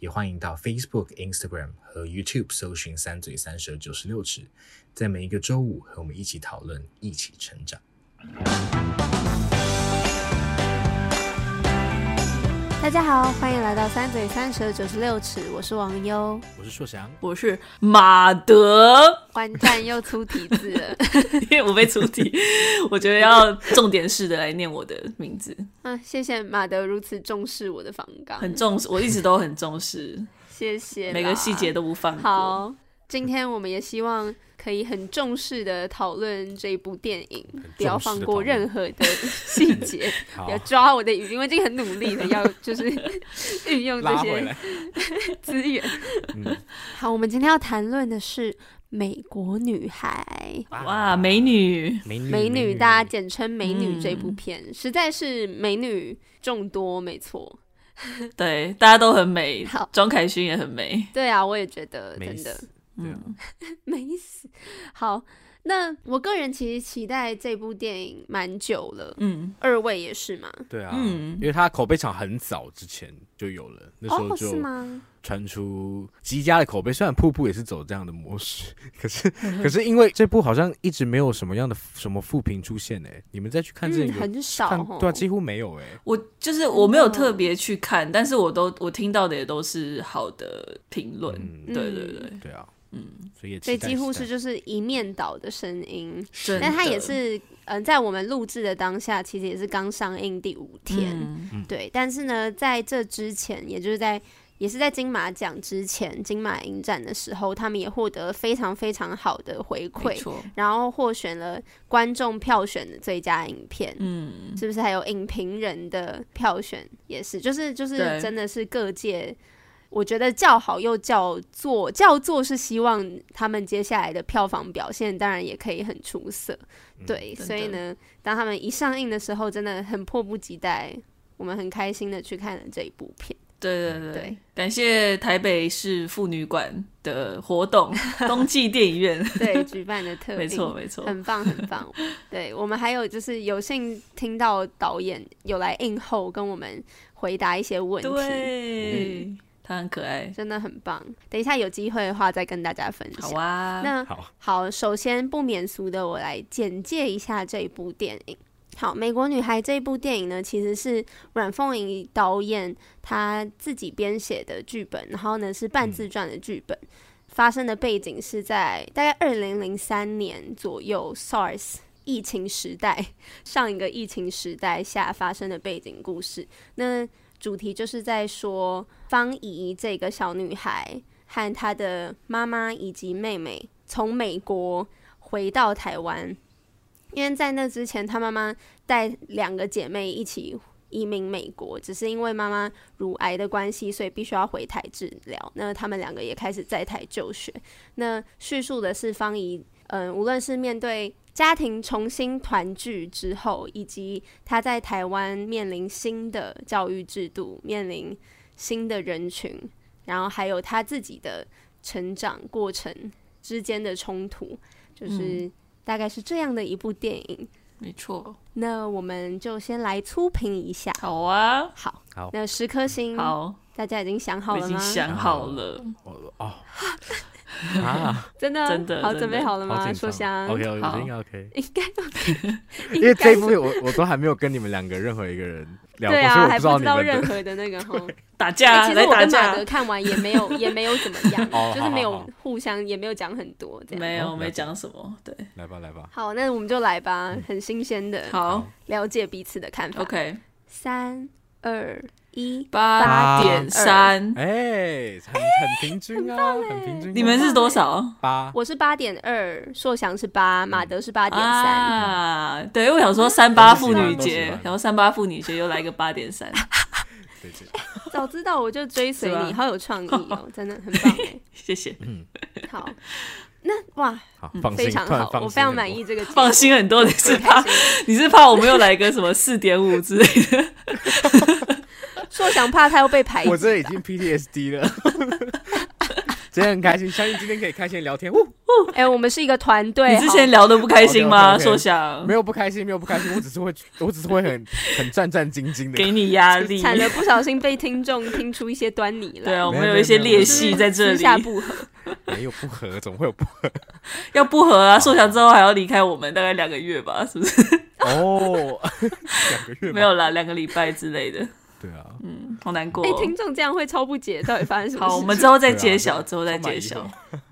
也歡迎到 Facebook、Instagram 和 YouTube 搜尋“三嘴三舌九十六尺”，在每一個周五和我們一起討論，一起成長。大家好，歡迎來到三嘴三舌九十六尺，我是王優，我是碩翔，我是馬德，完蛋又粗體字了， 因為我被粗體 我覺得要重點式的來念我的名字。嗯，謝謝馬德如此重視我的訪綱，很重視，我一直都很重視， 謝謝啦，每個細節都不放過。好。今天我們也希望可以很重視的討論這一部電影，不要放過任何的細節，要抓我的語，因為已經很努力的要就是運用這些資源。好，我們今天要談論的是《美國女孩》。哇，美女，美女，大家簡稱美女。這部片實在是美女眾多，沒錯，對，大家都很美，莊凱勛也很美。對啊，我也覺得真的。對啊，嗯、沒死，好，那我個人其實期待這部電影蠻久了，嗯，二位也是嗎？對啊，嗯，因為它口碑場很早之前就有了，那時候就傳出極佳的口碑。雖然瀑布也是走這樣的模式，可是、嗯、可是因為這部好像一直沒有什麼樣的什麼負評出現哎、欸，你們再去看這個、嗯、很少、哦、對啊，幾乎沒有哎、欸，我就是我沒有特別去看，但是我都我聽到的也都是好的評論，嗯、對對對，對啊。嗯，所以幾乎是就是一面倒的聲音，的但他也是嗯、呃，在我們錄製的當下，其實也是剛上映第五天，嗯、對。嗯、但是呢，在這之前，也就是在也是在金馬獎之前，金馬影展的時候，他們也獲得非常非常好的回饋，錯然後獲選了觀眾票選的最佳影片，嗯，是不是？還有影評人的票選也是，就是就是真的是各界。我覺得叫好又叫座，叫座是希望他們接下來的票房表現，當然也可以很出色。嗯、對，的所以呢，當他們一上映的時候，真的很迫不及待，我們很開心的去看了這一部片。對對對，對感謝台北市婦女館的活動，冬季電影院 對，舉辦的特別沒錯沒錯，很棒很棒。 對，我們還有就是有幸聽到導演有來映後跟我們回答一些問題。對。嗯他很可愛，真的很棒。等一下有機會的話，再跟大家分享。好啊，那好，好，首先不免俗的，我來簡介一下這一部電影。好，《美國女孩》這一部電影呢，其實是阮鳳儀導演她自己編寫的劇本，然後呢是半自傳的劇本。嗯、發生的背景是在大概二零零三年左右，SARS 疫情時代，上一個疫情時代下發生的背景故事。那主題就是在說芳儀這個小女孩和她的媽媽以及妹妹從美國回到台灣，因為在那之前，她媽媽帶兩個姐妹一起移民美國，只是因為媽媽乳癌的關係，所以必須要回台治療。那她們兩個也開始在台就學。那敘述的是芳儀，嗯、呃，無論是面對。家庭重新團聚之後，以及他在台灣面臨新的教育制度，面臨新的人群，然後還有他自己的成長過程之間的衝突，就是大概是這樣的一部電影。嗯、沒錯，那我們就先來粗評一下。好啊，好，好、嗯，好。那十顆星，好，大家已經想好了嗎？已經想好了。我、 oh. 啊，真的好準備好了嗎？說香，OK OK，應該 OK，應該都可以。因為這一部我我都還沒有跟你們兩個任何一個人聊過，對啊，還不知道任何的那個哈打架。其實我跟馬德看完也沒有也沒有怎麼樣，就是沒有互相也沒有講很多這樣，沒有沒講什麼。對，來吧來吧，好，那我們就來吧，很新鮮的，好了解彼此的看法。OK，三二。一八點三，哎，很很平均啊，很平均。你們是多少？八，我是八點二，碩翔是八，馬德是八點三。對，因為我想說三八婦女節，然後三八婦女節又來個八點三。早知道我就追隨你，好有創意哦，真的很棒哎，謝謝。嗯，好，那哇，好，非常好，我非常滿意這個，放心很多的是吧，你是怕我們又來個什麼四點五之類的？碩想怕他又被排，我這已經 PTSD 了， 今天很開心，相信今天可以開心聊天。哦，哎、欸，我們是一個團隊，你之前聊得不開心嗎？Okay, okay, okay. 碩想沒有不開心，沒有不開心，我只是會，我只是會很很戰戰兢兢的，給你壓力，慘了 不小心被聽眾聽出一些端倪了 對啊，我們有一些裂隙在這裡，不和，沒有不和，怎麼會有不和，要不和啊！碩祥之後還要離開我們，大概兩個月吧，是不是？哦，兩個月，沒有啦，兩個禮拜之類的。對啊，嗯，好難過、哦。哎、欸，聽眾這樣會超不解，到底發生什麼事？ 好，我們之後再揭曉，啊、之後再揭曉。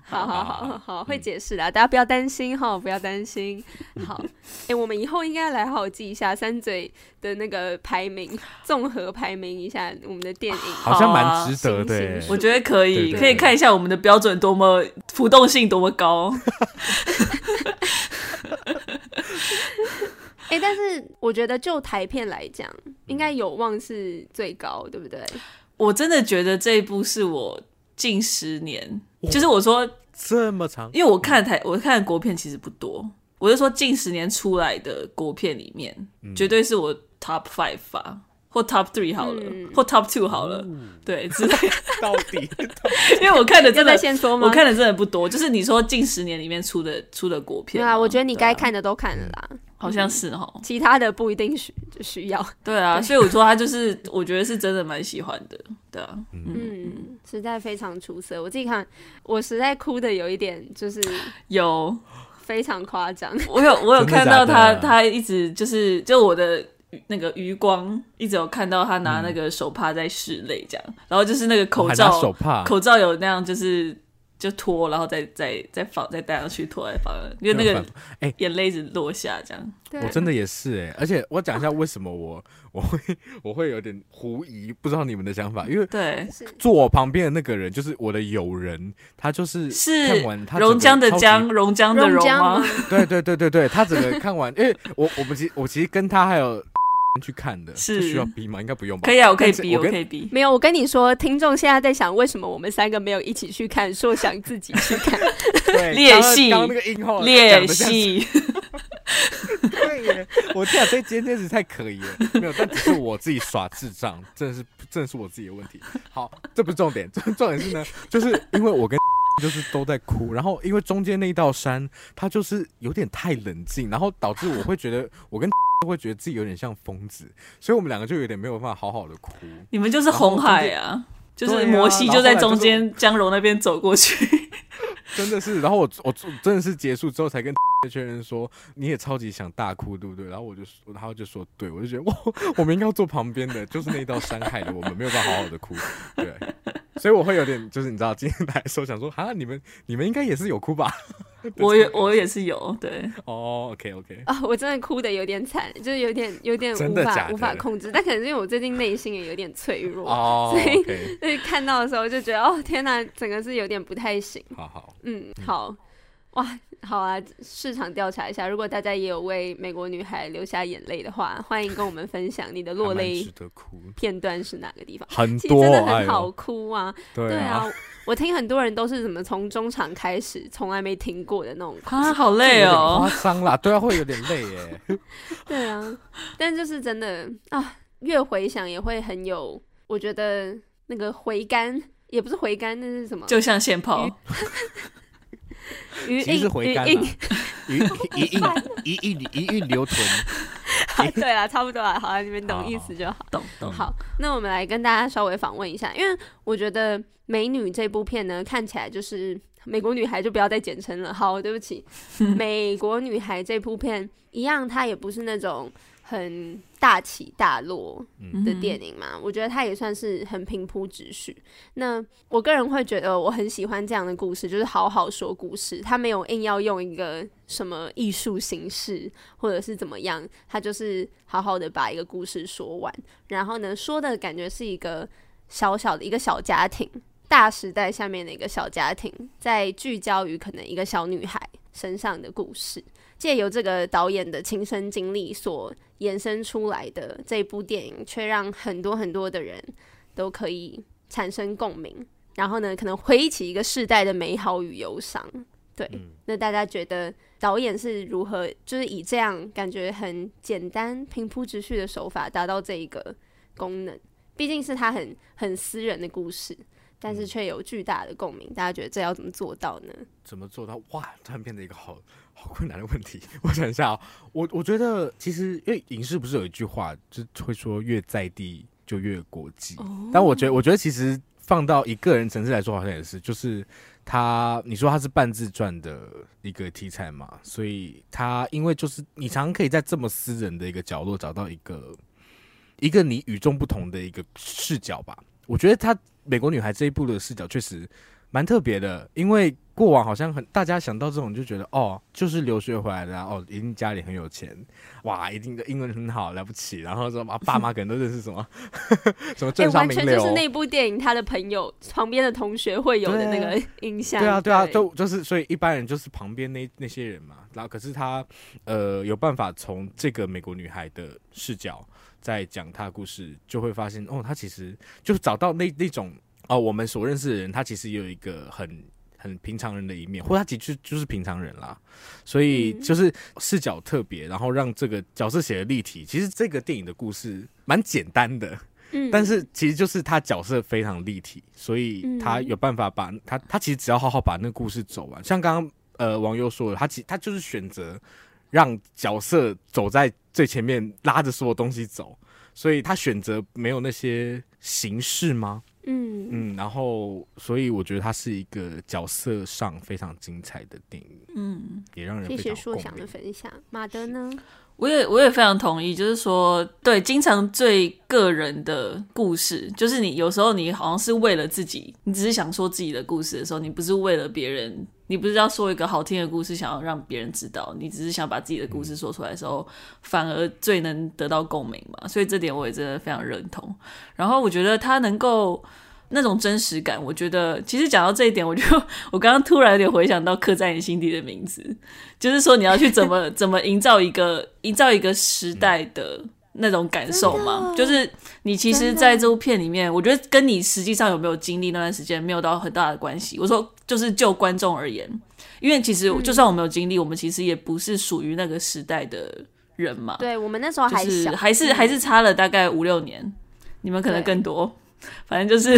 好好好好好， 嗯、會解釋的，大家不要擔心哈，不要擔心。好，哎、欸，我們以後應該來好記一下三嘴的那個排名，綜合排名一下我們的電影，好像蠻值得的。我覺得可以，可以看一下我們的標準多麼浮動性多麼高。 哎、欸，但是我覺得就台片來講，應該有望是最高，嗯、對不對？我真的覺得這一部是我近十年，哦、就是我說這麼長，因為我看的台，我看的國片其實不多，我就說近十年出來的國片裡面，嗯、絕對是我 Top Five 吧或 top three 好了，或 top two 好了，對，直到到底，因為我看的真的，我看的真的不多，就是你說近十年裡面出的出的國片，對啊，我覺得你該看的都看了啦，好像是齁，其他的不一定需需要，對啊，所以我說他就是，我覺得是真的蠻喜歡的，對啊，嗯，實在非常出色，我自己看，我實在哭的有一點就是有非常誇張，我有我有看到他，他一直就是就我的。那個餘光一直有看到他拿那個手帕在拭淚，這樣，嗯、然後就是那個口罩，手帕口罩有那樣、就是，就是就脫，然後再再再，再放，再戴上去脫，來放，因為那個哎，眼淚一直落下，這樣、哎。我真的也是哎、欸，而且我講一下為什麼我、啊、我會我會有點狐疑，不知道你們的想法，因為對坐我旁邊的那個人就是我的友人，他就是是看完《是他直。榕江的江，榕級江的榕嗎？嗎 對對對對對，他整個看完，因為我我們其我們其實跟他還有。去看的是需要逼嗎？應該不用吧。可以啊，我可以逼，是我，跟我可以逼。沒有，我跟你說，聽眾現在在想，為什麼我們三個沒有一起去看，說想自己去看。練習 對。剛剛戲那個音號練習。對耶，我天啊，這今天真是太可以了。沒有，但只是我自己耍智障， 真的是，真的是我自己的問題。好，這不是重點，重點是呢，就是因為我跟。 就是都在哭，然後因為中間那一道山，它就是有點太冷靜，然後導致我會覺得我跟 X X 會覺得自己有點像瘋子，所以我們兩個就有點沒有辦法好好的哭。你們就是紅海啊，就是摩西就在中間江柔那邊走過去，真的是。然後我我真的是結束之後才跟一群人說，你也超級想大哭，對不對？然後我就然後就說對，對我就覺得我，我我們應該要坐旁邊的，就是那一道山害的 我們沒有辦法好好的哭，對。 所以我會有點，就是你知道，今天來的時候想說，哈，你們你們應該也是有哭吧？我也我也是有，對。哦、oh，OK OK 啊，我真的哭的有點慘，就是有點有點無法無法控制，但可能是因為我最近內心也有點脆弱，oh, okay. 所以、就是、看到的時候就覺得，哦天哪、啊，整個是有點不太行。好好，嗯，好。嗯哇，好啊！市場調查一下，如果大家也有為美國女孩流下眼淚的話，歡迎跟我們分享你的落淚片段是哪個地方？很多，真的很好哭啊！哎、對啊， 我聽很多人都是怎麼從中場開始，從來沒停過的那種、啊，好累哦，誇張了，對啊，會有點累哎。 對啊，但就是真的啊，越回想也會很有，我覺得那個回甘也不是回甘，那是什麼？就像現泡。欸 其實回甘了，餘韻餘韻餘韻餘韻留存。對了，差不多了，好，你們懂意思就好。懂懂好，那我們來跟大家稍微訪問一下，因為我覺得《美女》這部片呢，看起來就是美國女孩，就不要再簡稱了。好，對不起，《美國女孩》這部片一樣，它也不是那種。很大起大落的電影嘛，嗯，我覺得它也算是很平鋪直敘。那我個人會覺得我很喜歡這樣的故事，就是好好說故事。它沒有硬要用一個什麼藝術形式或者是怎麼樣，它就是好好的把一個故事說完。然後呢，說的感覺是一個小小的一個小家庭，大時代下面的一個小家庭，在聚焦於可能一個小女孩身上的故事。借由這個導演的親身經歷所延伸出來的這部電影，卻讓很多很多的人都可以產生共鳴。然後呢，可能回憶起一個世代的美好與憂傷。對，嗯、那大家覺得導演是如何，就是以這樣感覺很簡單、平鋪直敘的手法，達到這一個功能？畢竟是他很很私人的故事，但是卻有巨大的共鳴。大家覺得這要怎麼做到呢？怎麼做到？哇，突然變得一個好。好困難的問題，我想一下啊、哦，我我覺得其實，因為影視不是有一句話，就會說越在地就越國際。哦、但我覺得，我覺得其實放到一個人層次來說，好像也是，就是他，你說他是半自傳的一個題材嘛，所以他因為就是你常常可以在這麼私人的一個角落找到一個一個你與眾不同的一個視角吧。我覺得他《美國女孩》這一部的視角確實蠻特別的，因為。過往好像很，大家想到這種就覺得哦，就是留學回來的、啊、哦，一定家裡很有錢，哇，一定的英文很好，了不起，然後說麼爸媽可能都認識什麼 什麼政商名流、欸、完全就是那部電影他的朋友旁邊的同學會有的那個印象。對,對啊，對啊，對就就是所以一般人就是旁邊那那些人嘛，然後可是他呃有辦法從這個美國女孩的視角在講她故事，就會發現哦，她其實就是找到那那種哦我們所認識的人，她其實也有一個很。很平常人的一面，或者他其實、就是、就是平常人啦，所以就是視角特別，然後讓這個角色寫的立體。其實這個電影的故事蠻簡單的，嗯、但是其實就是他角色非常立體，所以他有辦法把、嗯、他他其實只要好好把那個故事走完。像剛剛呃網友說的，他其他就是選擇讓角色走在最前面，拉着所有東西走，所以他選擇沒有那些形式嗎？嗯嗯，然後，所以我覺得它是一個角色上非常精彩的電影，嗯，也讓人非常。謝謝碩翔的分享，馬德呢？我也我也非常同意，就是說，對，經常最個人的故事，就是你有時候你好像是為了自己，你只是想說自己的故事的時候，你不是為了別人，你不是要說一個好聽的故事，想要讓別人知道，你只是想把自己的故事說出來的時候，反而最能得到共鳴嘛。所以這點我也真的非常認同。然後我覺得他能夠。那種真實感，我覺得其實講到這一點我，我就我剛剛突然有點回想到《刻在你心底的名字》，就是說你要去怎麼 怎麼營造一個營造一個時代的那種感受嘛，的就是你其實在這部片裡面，的我覺得跟你實際上有沒有經歷那段時間沒有到很大的關係。我說就是就觀眾而言，因為其實就算我沒有經歷，嗯、我們其實也不是屬於那個時代的人嘛。對，我們那時候還是還是、嗯、還是差了大概五六年，你們可能更多。反正就是，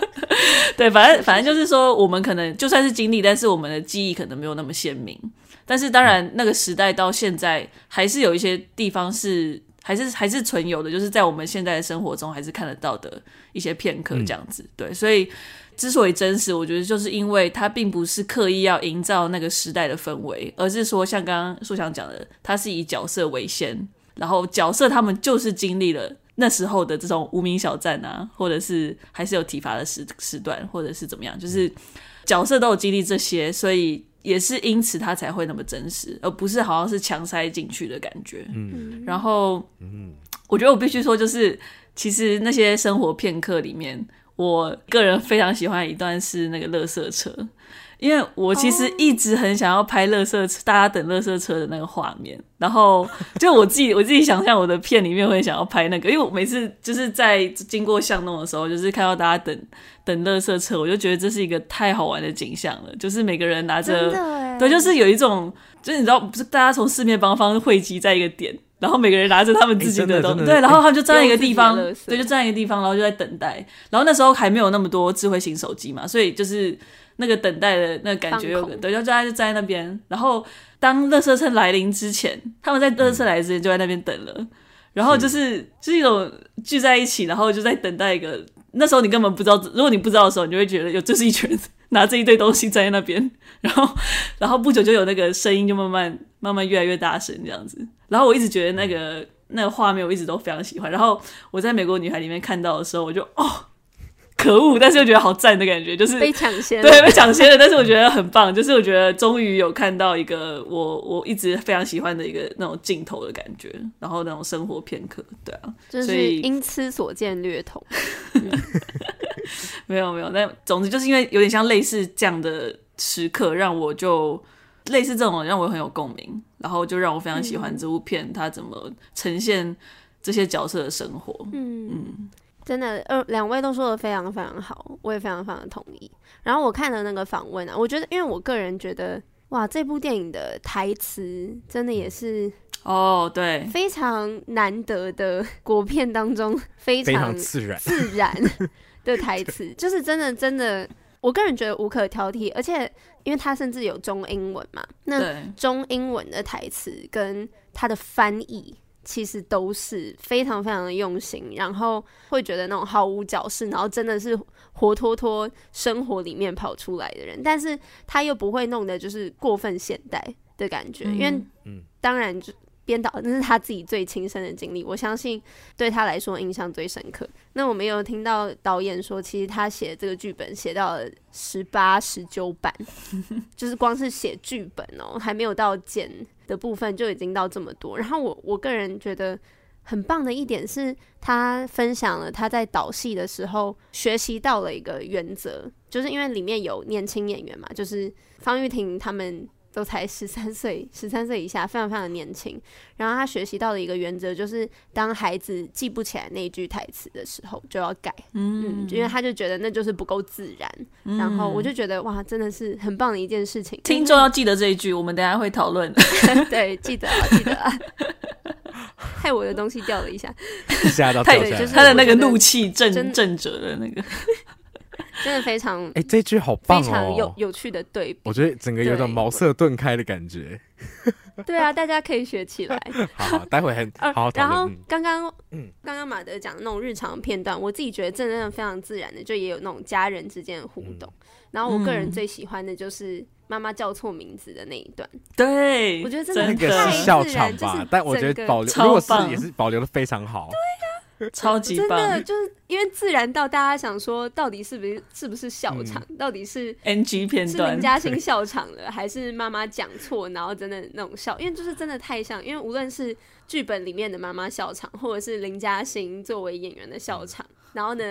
對，反正反正就是說，我們可能就算是經歷，但是我們的記憶可能沒有那麼鮮明。但是當然，那個時代到現在還是有一些地方是還是還是存有的，就是在我們現在的生活中還是看得到的一些片刻，這樣子。嗯、對，所以之所以真實，我覺得就是因為它並不是刻意要營造那個時代的氛圍，而是說像剛剛素翔講的，它是以角色為先，然後角色他們就是經歷了。那時候的這種無名小站啊，或者是還是有體罰的時時段，或者是怎麼樣，就是角色都有經歷這些，所以也是因此他才會那麼真實，而不是好像是強塞進去的感覺。嗯，然後，嗯哼，我覺得我必須說，就是其實那些生活片刻裡面，我個人非常喜歡一段是那個垃圾車。因為我其實一直很想要拍垃圾車，oh. 大家等垃圾車的那個畫面。然後就我自己，我自己想象我的片裡面會想要拍那個，因為我每次就是在經過巷弄的時候，就是看到大家等等垃圾車，我就覺得這是一個太好玩的景象了。就是每個人拿着，對，就是有一種，就是你知道，不是大家從四面八方匯集在一個點，然後每個人拿着他們自己的東西，欸、對，然後他們就站在一個地方，對，就站在一個地方，然後就在等待。然後那時候還沒有那麼多智慧型手機嘛，所以就是。那個等待的那個感覺有，有個等下。後大家就站在那邊。然後當垃圾車來臨之前，他們在垃圾車來之前就在那邊等了。嗯、然後就是就是一種聚在一起，然後就在等待一個。是那時候你根本不知道，如果你不知道的時候，你就會覺得，喲，這是一群人拿着一堆東西站在那邊。然後，然後不久就有那個聲音，就慢慢慢慢越來越大聲，這樣子。然後我一直覺得那個那個畫面，我一直都非常喜歡。然後我在《美國女孩》裡面看到的時候，我就哦。可惡！但是又覺得好讚的感覺，就是被搶先了，對，被搶先了，但是我覺得很棒，就是我覺得終於有看到一個我我一直非常喜歡的一個那種鏡頭的感覺，然後那種生活片刻，對啊，就是所以因此所見略同 、嗯， 沒有沒有，但總之就是因為有點像類似這樣的時刻，讓我就類似這種讓我很有共鳴，然後就讓我非常喜歡這部片，嗯、它怎麼呈現這些角色的生活，嗯嗯。嗯真的，呃，兩位都說的非常非常好，我也非常非常同意。然後我看了那個訪問啊，我覺得，因為我個人覺得，哇，這部電影的台詞真的也是哦，對，非常難得的國片當中非常自然自然的台詞，哦，就是真的真的，我個人覺得無可挑剔。而且，因為它甚至有中英文嘛，那中英文的台詞跟它的翻譯。其實都是非常非常的用心，然後會覺得那種毫無矯飾，然後真的是活脫脫生活裡面跑出來的人，但是他又不會弄得就是過分現代的感覺，嗯、因為、嗯、當然就。編導那是他自己最親身的經歷，我相信對他來說印象最深刻。那我們有聽到導演說，其實他寫這個劇本寫到了十八、十九版， 就是光是寫劇本哦、喔，還沒有到剪的部分就已經到這麼多。然後我我個人覺得很棒的一點是，他分享了他在導戲的時候學習到了一個原則，就是因為裡面有年輕演員嘛，就是方玉婷他們。都才十三歲，十三歲以下非常非常年輕。然後他學習到的一個原則就是，當孩子記不起來那一句台詞的時候，就要改。嗯,嗯，因為他就覺得那就是不夠自然。嗯、然後我就覺得哇，真的是很棒的一件事情。聽眾要記得這一句，嗯、我們等下會討論。 對，記得了，記得了。 害我的東西掉了一下，嚇到跳下他的 就是他的那個怒氣正真正着的那個。真的非常哎，這句好棒哦！非常有有趣的對比，我覺得整個有種茅塞頓開的感覺。對啊，大家可以學起來。好，待會很好，然後剛剛嗯，剛剛馬德講的那種日常片段，我自己覺得真的非常自然的，就也有那種家人之間的互動。然後我個人最喜歡的就是媽媽叫錯名字的那一段。對，我覺得真的是笑場吧，但我覺得保留，如果是也是保留的非常好。對。超級棒，真的就是因為自然到大家想說，到底是不是，是不是笑場？嗯、到底是 NG 片段，是林嘉欣笑場了， 還是媽媽講錯？然後真的那種笑，因為就是真的太像。因為無論是劇本裡面的媽媽笑場，或者是林嘉欣作為演員的笑場。嗯然後呢，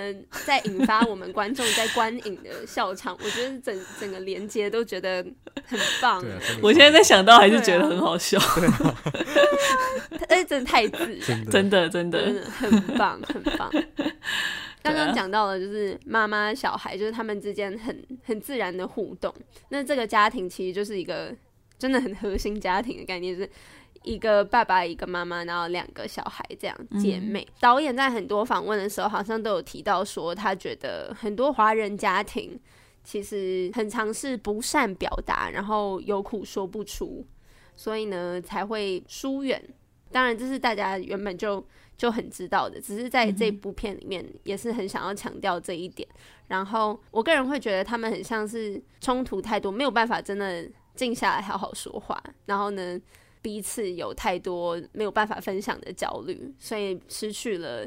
再引發我們觀眾在觀影的笑場， 我覺得整整個連接都覺得很棒。 我現在在想到還是覺得很好笑，哎，真的太自然，真的真的真的很棒很棒。剛剛講到了就是媽媽小孩，就是他們之間很很自然的互動。那這個家庭其實就是一個真的很核心家庭的概念，就是。一個爸爸，一個媽媽，然後兩個小孩這樣，嗯、姐妹。導演在很多訪問的時候，好像都有提到說，他覺得很多華人家庭其實很常是不善表達，然後有苦說不出，所以呢才會疏遠。當然，這是大家原本就就很知道的，只是在這部片裡面也是很想要強調這一點。嗯、然後，我個人會覺得他們很像是衝突太多，沒有辦法真的靜下來好好說話。然後呢，彼此有太多沒有辦法分享的焦慮，所以失去了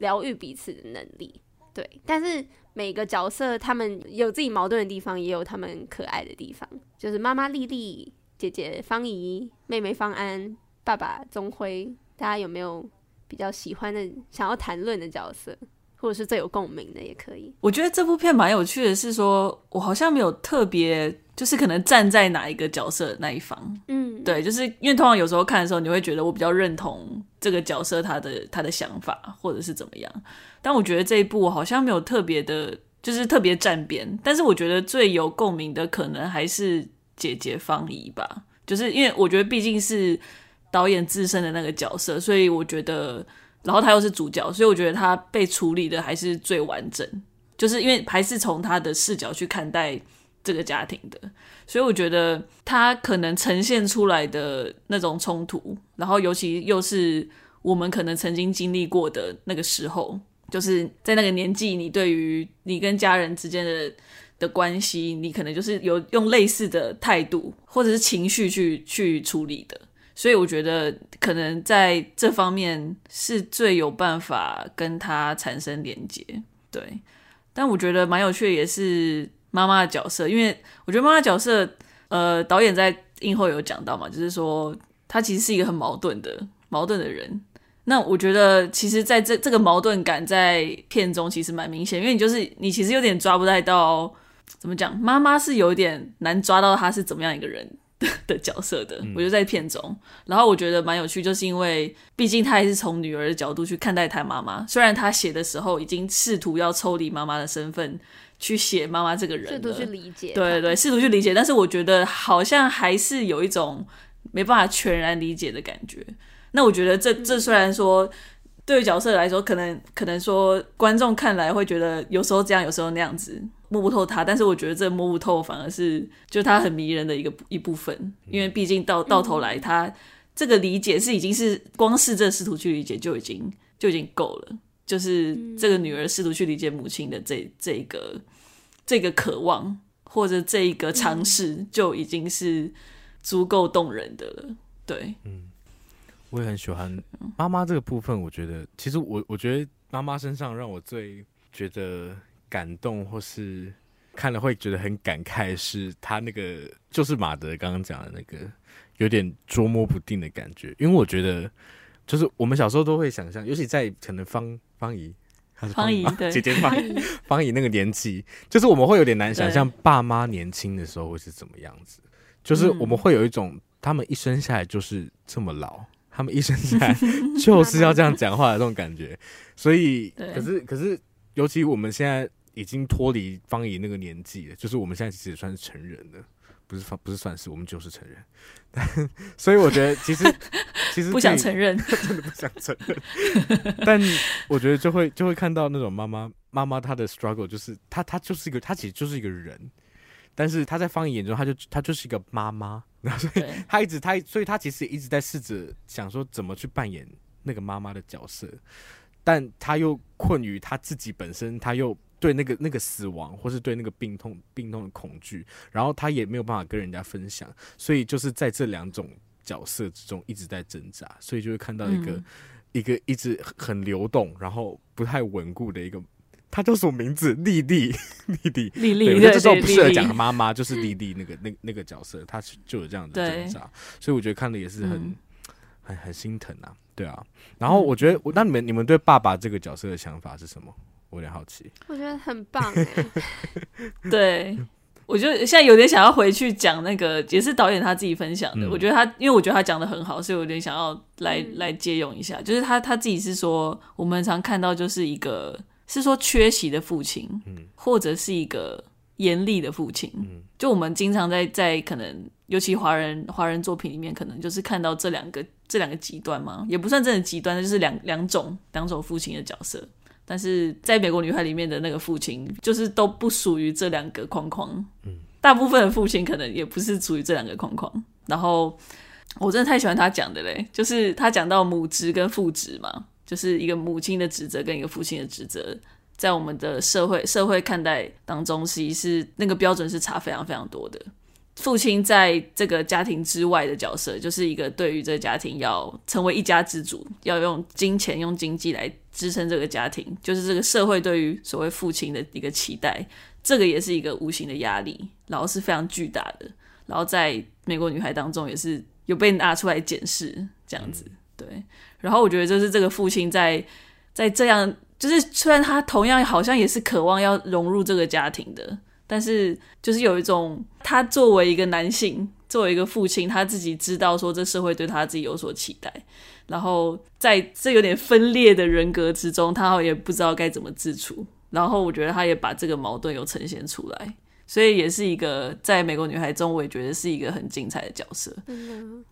療癒彼此的能力。對，但是每個角色他們有自己矛盾的地方，也有他們可愛的地方。就是媽媽莉莉、姐姐芳儀、妹妹芳安、爸爸宗輝，大家有沒有比較喜歡的、想要談論的角色？或者是最有共鳴的也可以。我覺得這部片蠻有趣的是說，說我好像沒有特別，就是可能站在哪一個角色的那一方。嗯，對，就是因為通常有時候看的時候，你會覺得我比較認同這個角色他的他的想法，或者是怎麼樣。但我覺得這一部好像沒有特別的，就是特別站邊。但是我覺得最有共鳴的可能還是姐姐芳儀吧，就是因為我覺得畢竟是導演自身的那個角色，所以我覺得。然後他又是主角，所以我覺得他被處理的還是最完整，就是因為還是從他的視角去看待這個家庭的，所以我覺得他可能呈現出來的那種衝突，然後尤其又是我們可能曾經經歷過的那個時候，就是在那個年紀，你對於你跟家人之間的的關係，你可能就是有用類似的態度，或者是情緒去去處理的。所以我覺得可能在這方面是最有辦法跟他產生連結，對。但我覺得蠻有趣，也是媽媽的角色，因為我覺得媽媽的角色，呃，導演在映後有講到嘛，就是說他其實是一個很矛盾的矛盾的人。那我覺得其實在這這個矛盾感在片中其實蠻明顯，因為你就是你其實有點抓不太到，怎麼講？媽媽是有點難抓到她是怎麼樣一個人。的角色的，我就在片中，嗯、然後我覺得蠻有趣，就是因為畢竟他還是從女兒的角度去看待他媽媽，雖然他寫的時候已經試圖要抽離媽媽的身份去寫媽媽這個人了，試圖去理解，對對對，試圖去理解，但是我覺得好像還是有一種沒辦法全然理解的感覺。那我覺得這這雖然說。嗯對於角色來說，可能可能說觀眾看來會覺得有時候這樣，有時候那樣子摸不透他。但是我覺得這摸不透反而是就他很迷人的一個一部分，因為畢竟到到頭來他、嗯、這個理解是已經是光是這試圖去理解就已經就已經夠了。就是這個女兒試圖去理解母親的這這個這個渴望或者這一個嘗試就已經是足夠動人的了。對，嗯。我也很喜歡媽媽這個部分。我覺得，其實我我覺得媽媽身上讓我最覺得感動，或是看了會覺得很感慨，是她那個就是馬德剛剛講的那個有點捉摸不定的感覺。因為我覺得，就是我們小時候都會想象，尤其在可能芳芳儀還是芳儀，芳儀姐姐芳儀 芳儀那個年紀，就是我們會有點難想象爸媽年輕的時候會是怎麼樣子。對就是我們會有一種、嗯、他們一生下來就是這麼老，他們一生下來就是要這樣講話的這種感覺，所以可是可是，尤其我們現在已經脫離芳儀那個年紀了，就是我們現在其實也算是成人了，不是方不是算是我們就是成人，所以我覺得其實其實不想承認，真的不想承認，但我覺得就會就會，就會看到那種媽媽媽媽她的 struggle，就是她她就是一個她其實就是一個人。但是他在芳儀眼中，他就他就是一個媽媽，然後所以他一直對他所以他其實一直在試着想說怎麼去扮演那個媽媽的角色，但他又困於他自己本身，他又對那個那個死亡或是對那個病痛病痛的恐懼，然後他也沒有辦法跟人家分享，所以就是在這兩種角色之中一直在掙扎，所以就會看到一個、嗯、一個一直很流動，然後不太穩固的一個。他叫什麼名字？莉莉，莉莉，莉莉。那這時候不適合講媽媽，就是莉莉那個那那個角色，他就有這樣的掙扎，所以我覺得看的也是很很很心疼啊，對啊。然後我覺得，我那你們你們對爸爸這個角色的想法是什麼？我有點好奇。我覺得很棒哎。對，我覺得現在有點想要回去講那個，也是導演他自己分享的。我覺得他，因為我覺得他講的很好，所以我有點想要來來借用一下。就是他他自己是說，我們常看到就是一個。是說缺席的父親，嗯，或者是一個嚴厲的父親，嗯，就我們經常在在可能，尤其華人華人作品裡面，可能就是看到這兩個這兩個極端嘛，也不算真的極端，就是兩兩種兩種父親的角色。但是在美國女孩裡面的那個父親，就是都不屬於這兩個框框，大部分的父親可能也不是屬於這兩個框框。然後我真的太喜歡他講的嘞，就是他講到母職跟父職嘛。就是一個母親的職責跟一個父親的職責，在我們的社會社會看待當中，其實是那個標準是差非常非常多的。父親在這個家庭之外的角色，就是一個對於這個家庭要成為一家之主，要用金錢用經濟來支撐這個家庭，就是這個社會對於所謂父親的一個期待，這個也是一個無形的壓力，然後是非常巨大的。然後在美國女孩當中也是有被拿出來檢視這樣子，對。然後我覺得就是這個父親在在這樣，就是雖然他同樣好像也是渴望要融入這個家庭的，但是就是有一種他作為一個男性，作為一個父親，他自己知道說這社會對他自己有所期待，然後在這有點分裂的人格之中，他好像也不知道該怎麼自處。然後我覺得他也把這個矛盾又呈現出來，所以也是一個在美國女孩中，我也覺得是一個很精彩的角色。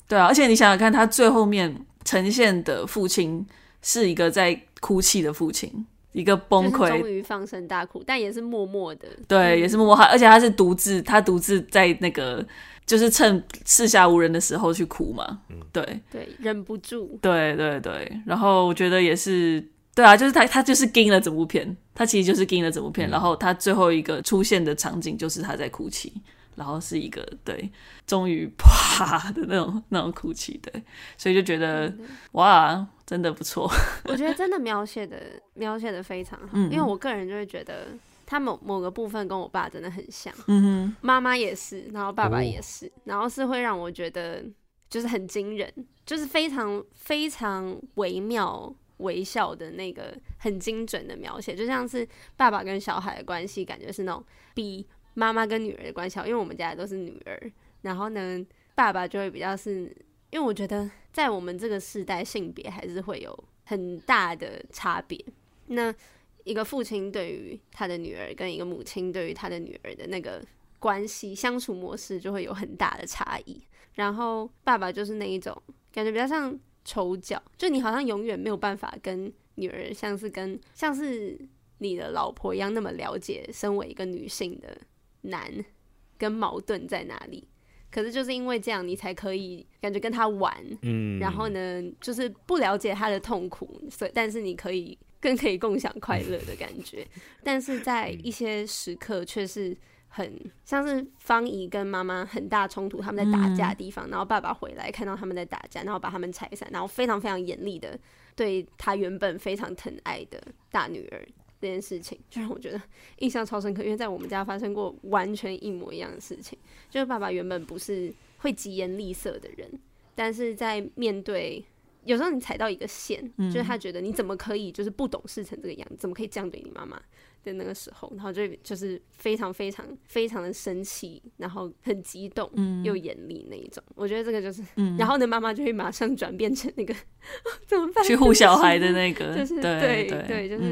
對啊，而且你想想看，他最後面。呈現的父親是一個在哭泣的父親，一個崩潰，終於放聲大哭，但也是默默的，對，嗯、也是默默。而且他是獨自，他獨自在那個，就是趁四下無人的時候去哭嘛，嗯，對，對，忍不住，對對對。然後我覺得也是，對啊，就是他，他就是贏了整部片，他其實就是贏了整部片。嗯、然後他最後一個出現的場景就是他在哭泣。然後是一個，對，終於啪的那種那種哭泣對，所以就覺得、嗯、哇，真的不錯。我覺得真的描寫的描寫的非常好，嗯、因為我個人就會覺得他某某個部分跟我爸真的很像，嗯哼，媽媽也是，然後爸爸也是，然後是會讓我覺得就是很驚人，就是非常非常惟妙惟肖的那個很精準的描寫，就像是爸爸跟小孩的關係，感覺是那種逼。媽媽跟女兒的關係，好，因為我們家都是女兒，然後呢，爸爸就會比較是，因為我覺得在我們這個時代，性別還是會有很大的差別。那一個父親對於他的女兒，跟一個母親對於他的女兒的那個關係相處模式，就會有很大的差異。然後爸爸就是那一種感覺，比較像丑角，就你好像永遠沒有辦法跟女兒，像是跟像是你的老婆一樣那麼了解，身為一個女性的。難跟矛盾在哪裡？可是就是因為這樣，你才可以感覺跟他玩。嗯，然後呢，就是不了解他的痛苦，所以但是你可以更可以共享快樂的感覺。嗯、但是在一些時刻，卻是很、嗯、像是芳儀跟媽媽很大衝突，他們在打架的地方，然後爸爸回來看到他們在打架，然後把他們拆散，然後非常非常嚴厲的對他原本非常疼愛的大女兒。這件事情就讓我覺得印象超深刻，因為在我們家發生過完全一模一樣的事情。就是爸爸原本不是會疾言厲色的人，但是在面對有時候你踩到一個線，嗯、就是他覺得你怎麼可以就是不懂事成這個樣子，怎麼可以這樣對你媽媽？在那個時候，然後就就是非常非常非常的生氣，然後很激動，嗯，又嚴厲那一種。我覺得這個就是，嗯、然後呢，媽媽就會馬上轉變成那個怎麼辦去護小孩的那個， 就是對對，對，對，就是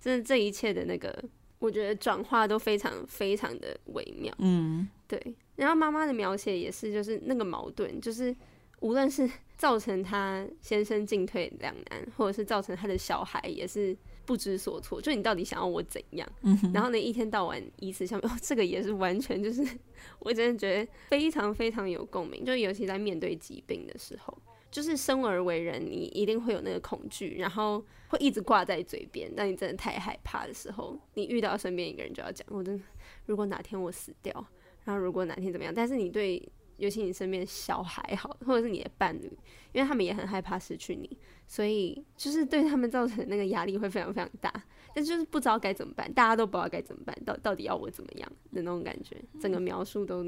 就是、嗯、這一切的那個，我覺得轉化都非常非常的微妙，嗯，對。然後媽媽的描寫也是，就是那個矛盾，就是無論是造成他先生進退兩難，或者是造成他的小孩也是。不知所措，就你到底想要我怎樣？嗯、哼然後那一天到晚以此相哦，這個也是完全就是，我真的覺得非常非常有共鳴。就尤其在面對疾病的時候，就是生而為人，你一定會有那個恐懼，然後會一直掛在嘴邊。但你真的太害怕的時候，你遇到身邊一個人就要講，我真的，如果哪天我死掉，然後如果哪天怎麼樣？但是你對。尤其你身邊小孩好，或者是你的伴侶，因為他們也很害怕失去你，所以就是對他們造成的那個壓力會非常非常大。但就是不知道該怎麼辦，大家都不知道該怎麼辦，到到底要我怎麼樣的那種感覺。整個描述都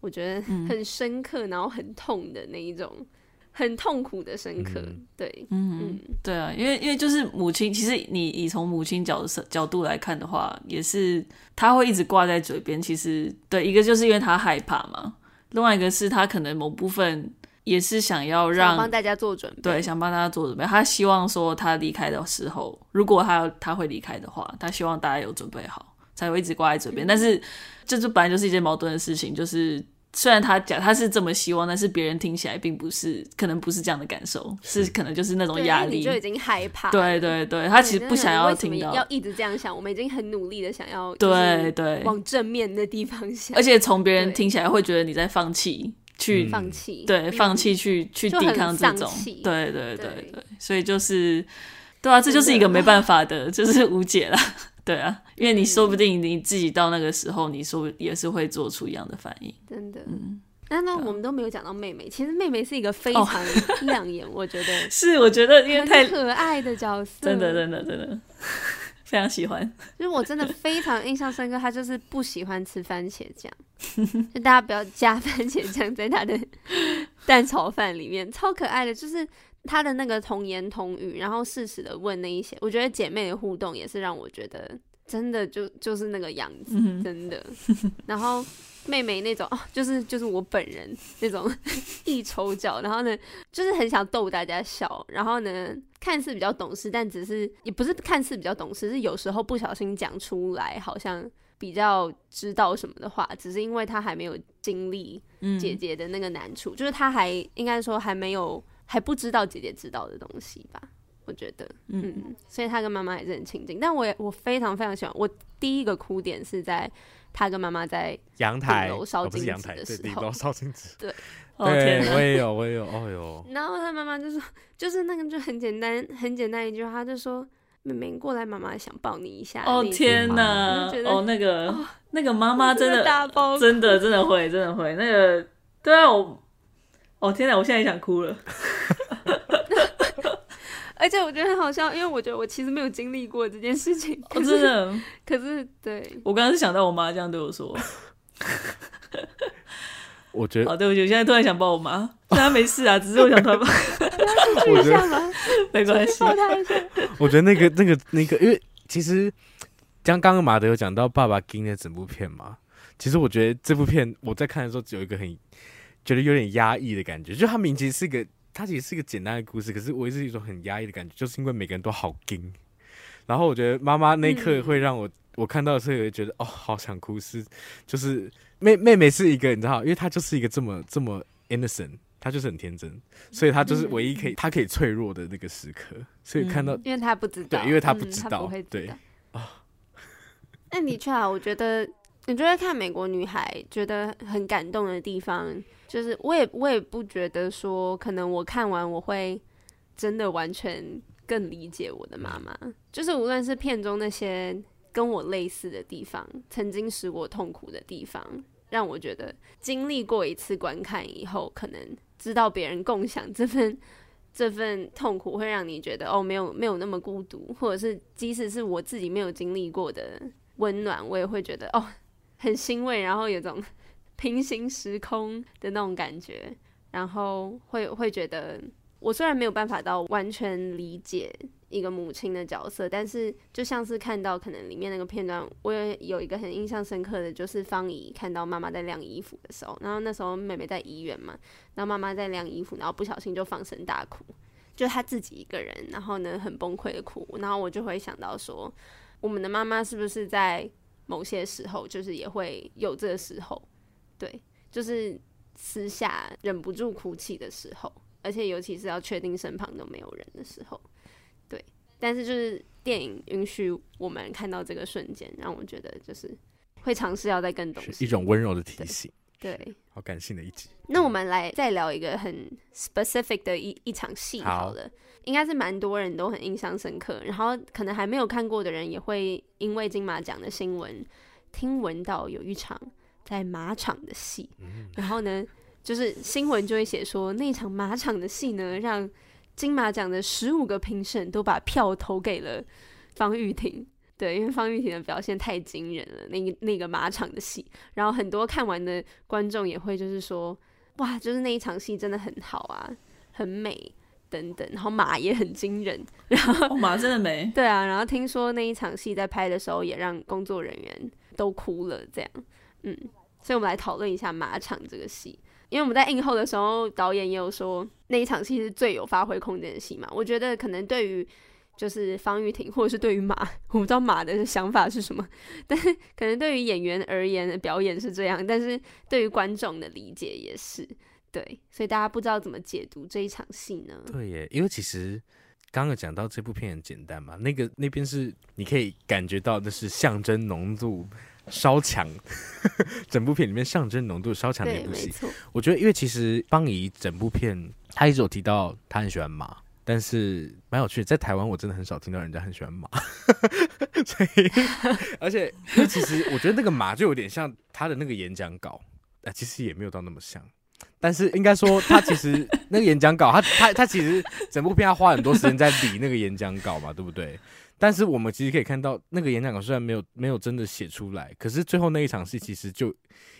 我覺得很深刻，然後很痛的那一種，嗯、很痛苦的深刻。對，嗯，嗯，對啊，因為因為就是母親，其實你以從母親角角度來看的話，也是她會一直掛在嘴邊。其實，對一個就是因為她害怕嘛。另外一個是他可能某部分也是想要讓幫大家做準備，對，想幫大家做準備。他希望說他離開的時候，如果他他會離開的話，他希望大家有準備好，才會一直掛在嘴邊。嗯、但是，這就本來就是一件矛盾的事情，就是。雖然他講他是這麼希望，但是別人聽起來並不是，可能不是這樣的感受，是可能就是那種壓力，對，你就已經害怕。對對對，他其實不想要聽到，那個、要一直這樣想。我們已經很努力的想要，對對，往正面的地方想。方而且從別人聽起來會覺得你在放棄，去放棄，對，放棄去去抵抗這種。對對對對，所以就是，對啊，這就是一個沒辦法的，對對對，就是無解了。 對啊，因為你說不定你自己到那個時候，你說也是會做出一樣的反應。真的對，嗯，那那我們都沒有講到妹妹，其實妹妹是一個非常亮眼，哦、我覺得是，我覺得因為太可愛的角色，真的真的真的，真的非常喜歡。因為我真的非常印象深刻，她就是不喜歡吃番茄醬， 就大家不要加番茄醬在她的蛋炒飯裡面，超可愛的，就是。她的那個童言童語，然後適時的問那一些，我覺得姐妹的互動也是讓我覺得真的就就是那個樣子，嗯、哼真的。然後妹妹那種，啊、就是就是我本人那種， 一抽腳，然後呢，就是很想逗大家笑，然後呢，看似比較懂事，但只是也不是看似比較懂事，是有時候不小心講出來，好像比較知道什麼的話，只是因為她還沒有經歷姐姐的那個難處，嗯、就是她還應該說還沒有。還不知道姐姐知道的東西吧？我覺得，嗯，嗯，所以他跟媽媽也是很親近。但我也我非常非常喜歡。我第一個哭點是在他跟媽媽在陽台燒金紙的時候，燒金紙。對，對，Okay. 我也有，我也有，哦喲。然後他媽媽就說，就是那個就很簡單，很簡單一句話，他就說：“妹妹過來，媽媽想抱你一下。哦”哦天哪！哦那個，哦、那個媽媽真的大包真的真的會真的會，真的會那個，對啊我。哦天哪，我現在也想哭了， 而且我覺得很好笑，因為我覺得我其實沒有經歷過這件事情。是哦、真的，可是對，我剛剛是想到我媽這樣對我說，我覺得，哦，對不起，我現在突然想抱我媽，她、啊、沒事啊，只是我想他嗎？抱去一下嗎？沒關係，抱他一下。我覺得那個那個那個，因為其實像剛剛馬德有講到《爸爸》的整部片嘛，其實我覺得這部片我在看的時候只有一個很。覺得有點壓抑的感覺，就它其實是一個，他其實是一個簡單的故事，可是我一直有種很壓抑的感覺，就是因為每個人都好硬，然後我覺得媽媽那一刻會讓我，嗯、我看到的時候也覺得哦，好想哭，是就是妹妹妹是一個你知道，因為她就是一個這麼這麼 innocent，她就是很天真，所以她就是唯一可以、嗯、她可以脆弱的那個時刻，所以看到，嗯、因為她不知道，對，因為她不知道，嗯、知道對啊，那、哦、你去啊，我覺得。你覺得看《美國女孩》覺得很感動的地方，就是我也我也不覺得說，可能我看完我會真的完全更理解我的媽媽。就是無論是片中那些跟我類似的地方，曾經使我痛苦的地方，讓我覺得經歷過一次觀看以後，可能知道別人共享這份這份痛苦，會讓你覺得哦，沒有沒有那麼孤獨，或者是即使是我自己沒有經歷過的溫暖，我也會覺得哦。很欣慰，然後有種平行時空的那種感覺，然後會會覺得，我雖然沒有辦法到完全理解一個母親的角色，但是就像是看到可能裡面那個片段，我也有一個很印象深刻的，就是芳儀看到媽媽在晾衣服的時候，然後那時候妹妹在醫院嘛，然後媽媽在晾衣服，然後不小心就放聲大哭，就她自己一個人，然後呢很崩潰的哭，然後我就會想到說，我們的媽媽是不是在。某些時候就是也會有這個時候，對，就是私下忍不住哭泣的時候，而且尤其是要確定身旁都沒有人的時候，對。但是就是電影允許我們看到這個瞬間，讓我覺得就是會嘗試要再更多，是一種溫柔的提醒。對，好感性的一集。那我們來再聊一個很 specific 的一一場戲，好的，應該是蠻多人都很印象深刻，然後可能還沒有看過的人也會因為金馬獎的新聞聽聞到有一場在馬場的戲，嗯、然後呢，就是新聞就會寫說那一場馬場的戲呢，讓金馬獎的十五個評審都把票投給了方郁婷。對，因為方郁婷的表現太驚人了，那那個馬場的戲，然後很多看完的觀眾也會就是說，哇，就是那一場戲真的很好啊，很美等等，然後馬也很驚人，然後、哦、馬真的美，對啊，然後聽說那一場戲在拍的時候也讓工作人員都哭了，這樣，嗯，所以我們來討論一下馬場這個戲，因為我們在映後的時候導演也有說那一場戲是最有發揮空間的戲嘛，我覺得可能對於。就是方玉婷，或者是對於馬，我不知道馬的想法是什麼，但是可能對於演員而言的表演是這樣，但是對於觀眾的理解也是對，所以大家不知道怎麼解讀這一場戲呢？對耶，因為其實剛剛講到這部片很簡單嘛，那個那邊是你可以感覺到的是象徵濃度稍強， 整部片裡面象徵濃度稍強的一部戲。我覺得，因為其實芳儀整部片，她一直有提到她很喜歡馬。但是蠻有趣，在台灣我真的很少聽到人家很喜歡馬，呵呵，所以而且那其實我覺得那個馬就有點像他的那個演講稿，哎、呃，其實也沒有到那麼像，但是應該說他其實 那個演講稿他，他他他其實整部片他花很多時間在理那個演講稿嘛，對不對？但是我們其實可以看到，那個演講稿雖然沒有沒有真的寫出來，可是最後那一場戲其實就。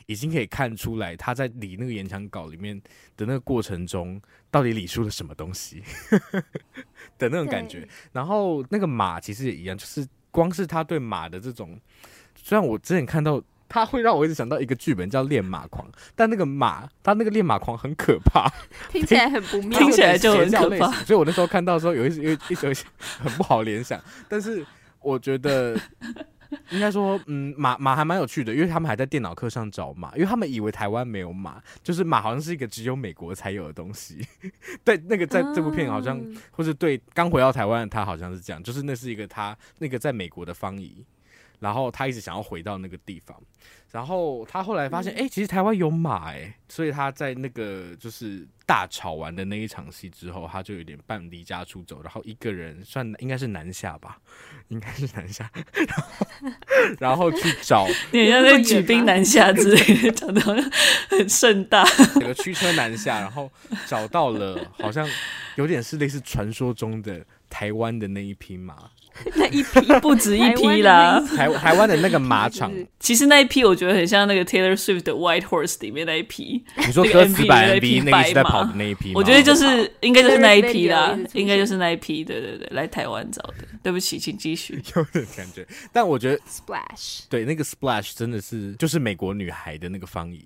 已經可以看出來，他在理那個演講稿裡面的那個過程中，到底理出了什麼東西呵呵的那種感覺。對然後那個馬其實也一樣，就是光是他對馬的這種，雖然我之前看到他會讓我一直想到一個劇本叫《戀馬狂》，但那個馬他那個戀馬狂很可怕，聽起來很不妙， 聽起來就很可怕。所以我那時候看到的時候有一有一有一很不好聯想， 但是我覺得。應該說，嗯，馬馬還蠻有趣的，因為他們還在電腦課上找馬，因為他們以為台灣沒有馬，就是馬好像是一個只有美國才有的東西。 對，那個在這部片好像，嗯、或是對剛回到台灣的他好像是這樣，就是那是一個他那個在美國的芳儀。然後他一直想要回到那個地方，然後他後來發現，哎、嗯，其實台灣有馬，哎，所以他在那個就是大吵完的那一場戲之後，他就有點半離家出走，然後一個人算應該是南下吧，應該是南下，然後，然後去找，人家在舉兵南下之類的，講得好像很盛大，整個驅車南下，然後找到了，好像有點是類似傳說中的台灣的那一匹馬。 那一匹不止一匹啦，台 台灣的那個馬場。 其實那一匹我覺得很像那個 Taylor Swift 的 White Horse 裡面那一匹，你說歌詞版的那匹在跑的那一匹，我覺得就是應該就是那一匹啦， 應該就,就是那一匹。對對對，來台灣找的。對不起，請繼續。 有點感覺，但我覺得 Splash 對那個 Splash 真的是就是美國女孩的那個芳儀。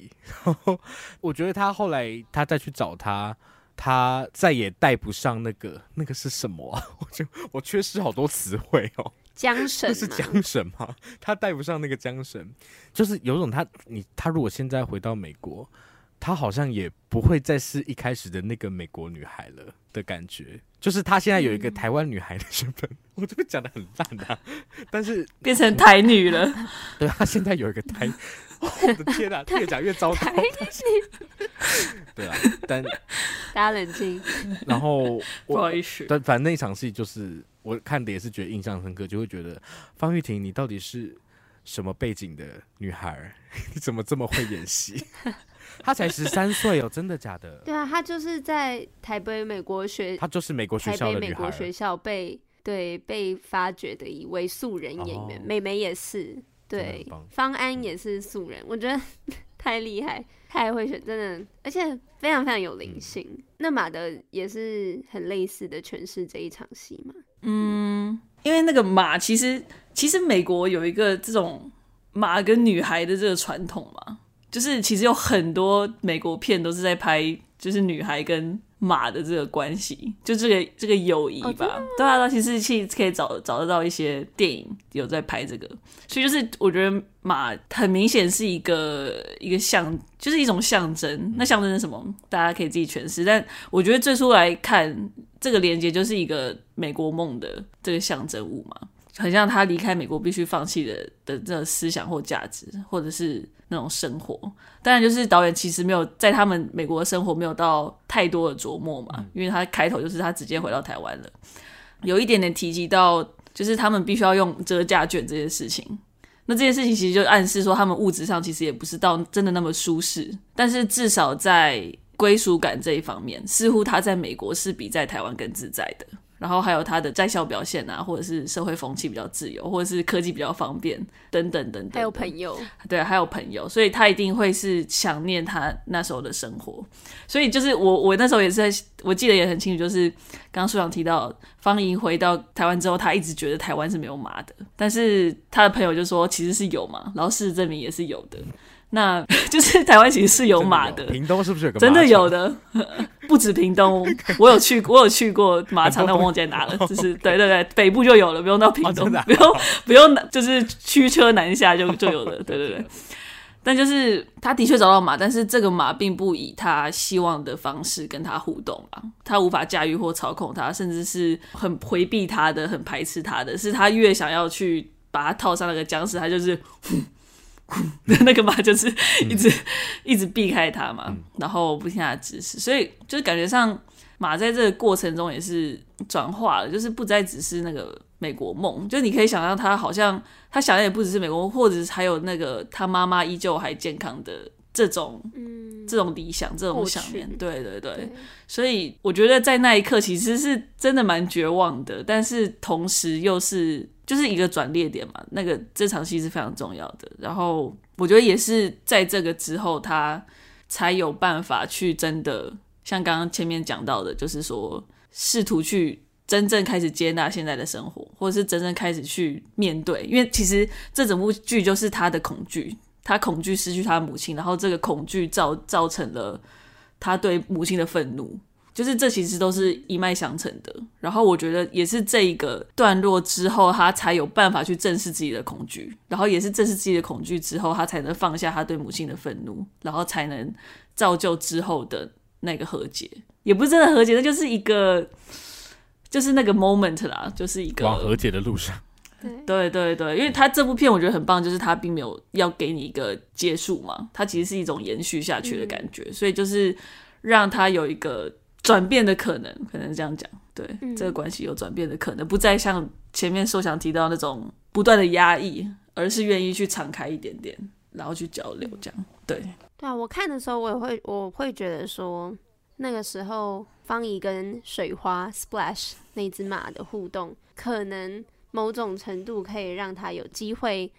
我覺得他後來他再去找他。他再也帶不上那個那個是什麼啊？我就我缺失好多詞彙哦，韁繩是韁繩嗎？他帶不上那個韁繩，就是有種他你他如果現在回到美國，他好像也不會再是一開始的那個美國女孩了的感覺，就是他現在有一個台灣女孩的身份。嗯，我這個講的很爛啊，但是變成台女了。對，他現在有一個台。嗯我的天哪，越講越糟糕。對啊，但大家冷靜。然後不好意思，但反正那場戲就是我看的，也是覺得印象深刻，就會覺得方郁婷，你到底是什麼背景的女孩？你怎麼這麼會演戲？她才十三歲哦，真的假的？對啊，她就是在台北美國學，她就是美國學校的女孩，美國學校被對被發掘的一位素人演員，妹妹也是。對，芳安也是素人，嗯、我覺得太厲害，太會選，真的，而且非常非常有靈性。嗯、那馬的也是很類似的詮釋這一場戲嘛。嗯，因為那個馬其實其實美國有一個這種馬跟女孩的這個傳統嘛，就是其實有很多美國片都是在拍，就是女孩跟。馬的這個關係，就這個這個友誼吧，oh, yeah. 對啊，到其實去可以找找得到一些電影有在拍這個，所以就是我覺得馬很明顯是一個一個象就是一種象徵。那象徵是什麼？大家可以自己詮釋，但我覺得最初來看這個連接就是一個美國夢的這個象徵物嘛，很像他離開美國必須放棄的的這種思想或價值，或者是。那種生活，當然就是導演其實沒有在他們美國生活，沒有到太多的琢磨嘛。因為他開頭就是他直接回到台灣了，有一點點提及到，就是他們必須要用折價券這件事情。那這件事情其實就暗示說，他們物質上其實也不是到真的那麼舒適，但是至少在歸屬感這一方面，似乎他在美國是比在台灣更自在的。然後還有他的在校表現啊，或者是社會風氣比較自由，或者是科技比較方便等等等等，還有朋友，對，還有朋友，所以他一定會是想念他那時候的生活。所以就是我，我那時候也是在，我記得也很清楚，就是剛剛書長提到芳儀回到台灣之後，他一直覺得台灣是沒有馬的，但是他的朋友就說其實是有嘛，然後事實證明也是有的。那就是台灣其實是有馬的，的有，屏東是不是有個真的有的？不止屏東，我有去過，我有去過馬場，但忘記在哪了。就是、哦 okay. 對對對，北部就有了，不用到屏東，哦、不用不用，就是驅車南下就就有了。對對對， 但就是他的確找到馬，但是這個馬並不以他希望的方式跟他互動吧，他無法駕馭或操控他，甚至是很迴避他的，很排斥他的，是他越想要去把他套上那個韁繩他就是。 那個馬就是一直、嗯、一直避開他嘛，嗯、然後不聽他的指示，所以就是感覺上馬在這個過程中也是轉化了，就是不再只是那個美國夢，就你可以想像他好像他想的也不只是美國，或者是還有那個他媽媽依舊還健康的這種、嗯、這種理想這種想念。去對對對，對所以我覺得在那一刻其實是真的蠻絕望的，但是同時又是。就是一個轉捩點嘛，那個這場戲是非常重要的。然後我覺得也是在這個之後，他才有辦法去真的像剛剛前面講到的，就是說試圖去真正開始接納現在的生活，或者是真正開始去面對。因為其實這整部劇就是他的恐懼，他恐懼失去他母親，然後這個恐懼造造成了他對母親的憤怒。就是這其實都是一脈相承的，然後我覺得也是這一個段落之後，他才有辦法去正視自己的恐懼，然後也是正視自己的恐懼之後，他才能放下他對母親的憤怒，然後才能造就之後的那個和解，也不是真的和解，那就是一個就是那個 moment 啦，就是一個往和解的路上，對對對對，因為他這部片我覺得很棒，就是他並沒有要給你一個結束嘛，它其實是一種延續下去的感覺，嗯、所以就是讓他有一個。轉變的可能，可能這樣講，對、嗯、這個關係有轉變的可能，不再像前面壽想提到那種不斷的壓抑，而是願意去敞開一點點，然後去交流，這樣對對啊。我看的時候，我也會我會覺得說，那個時候芳儀跟水花 splash 那隻馬的互動，可能某種程度可以讓他有機會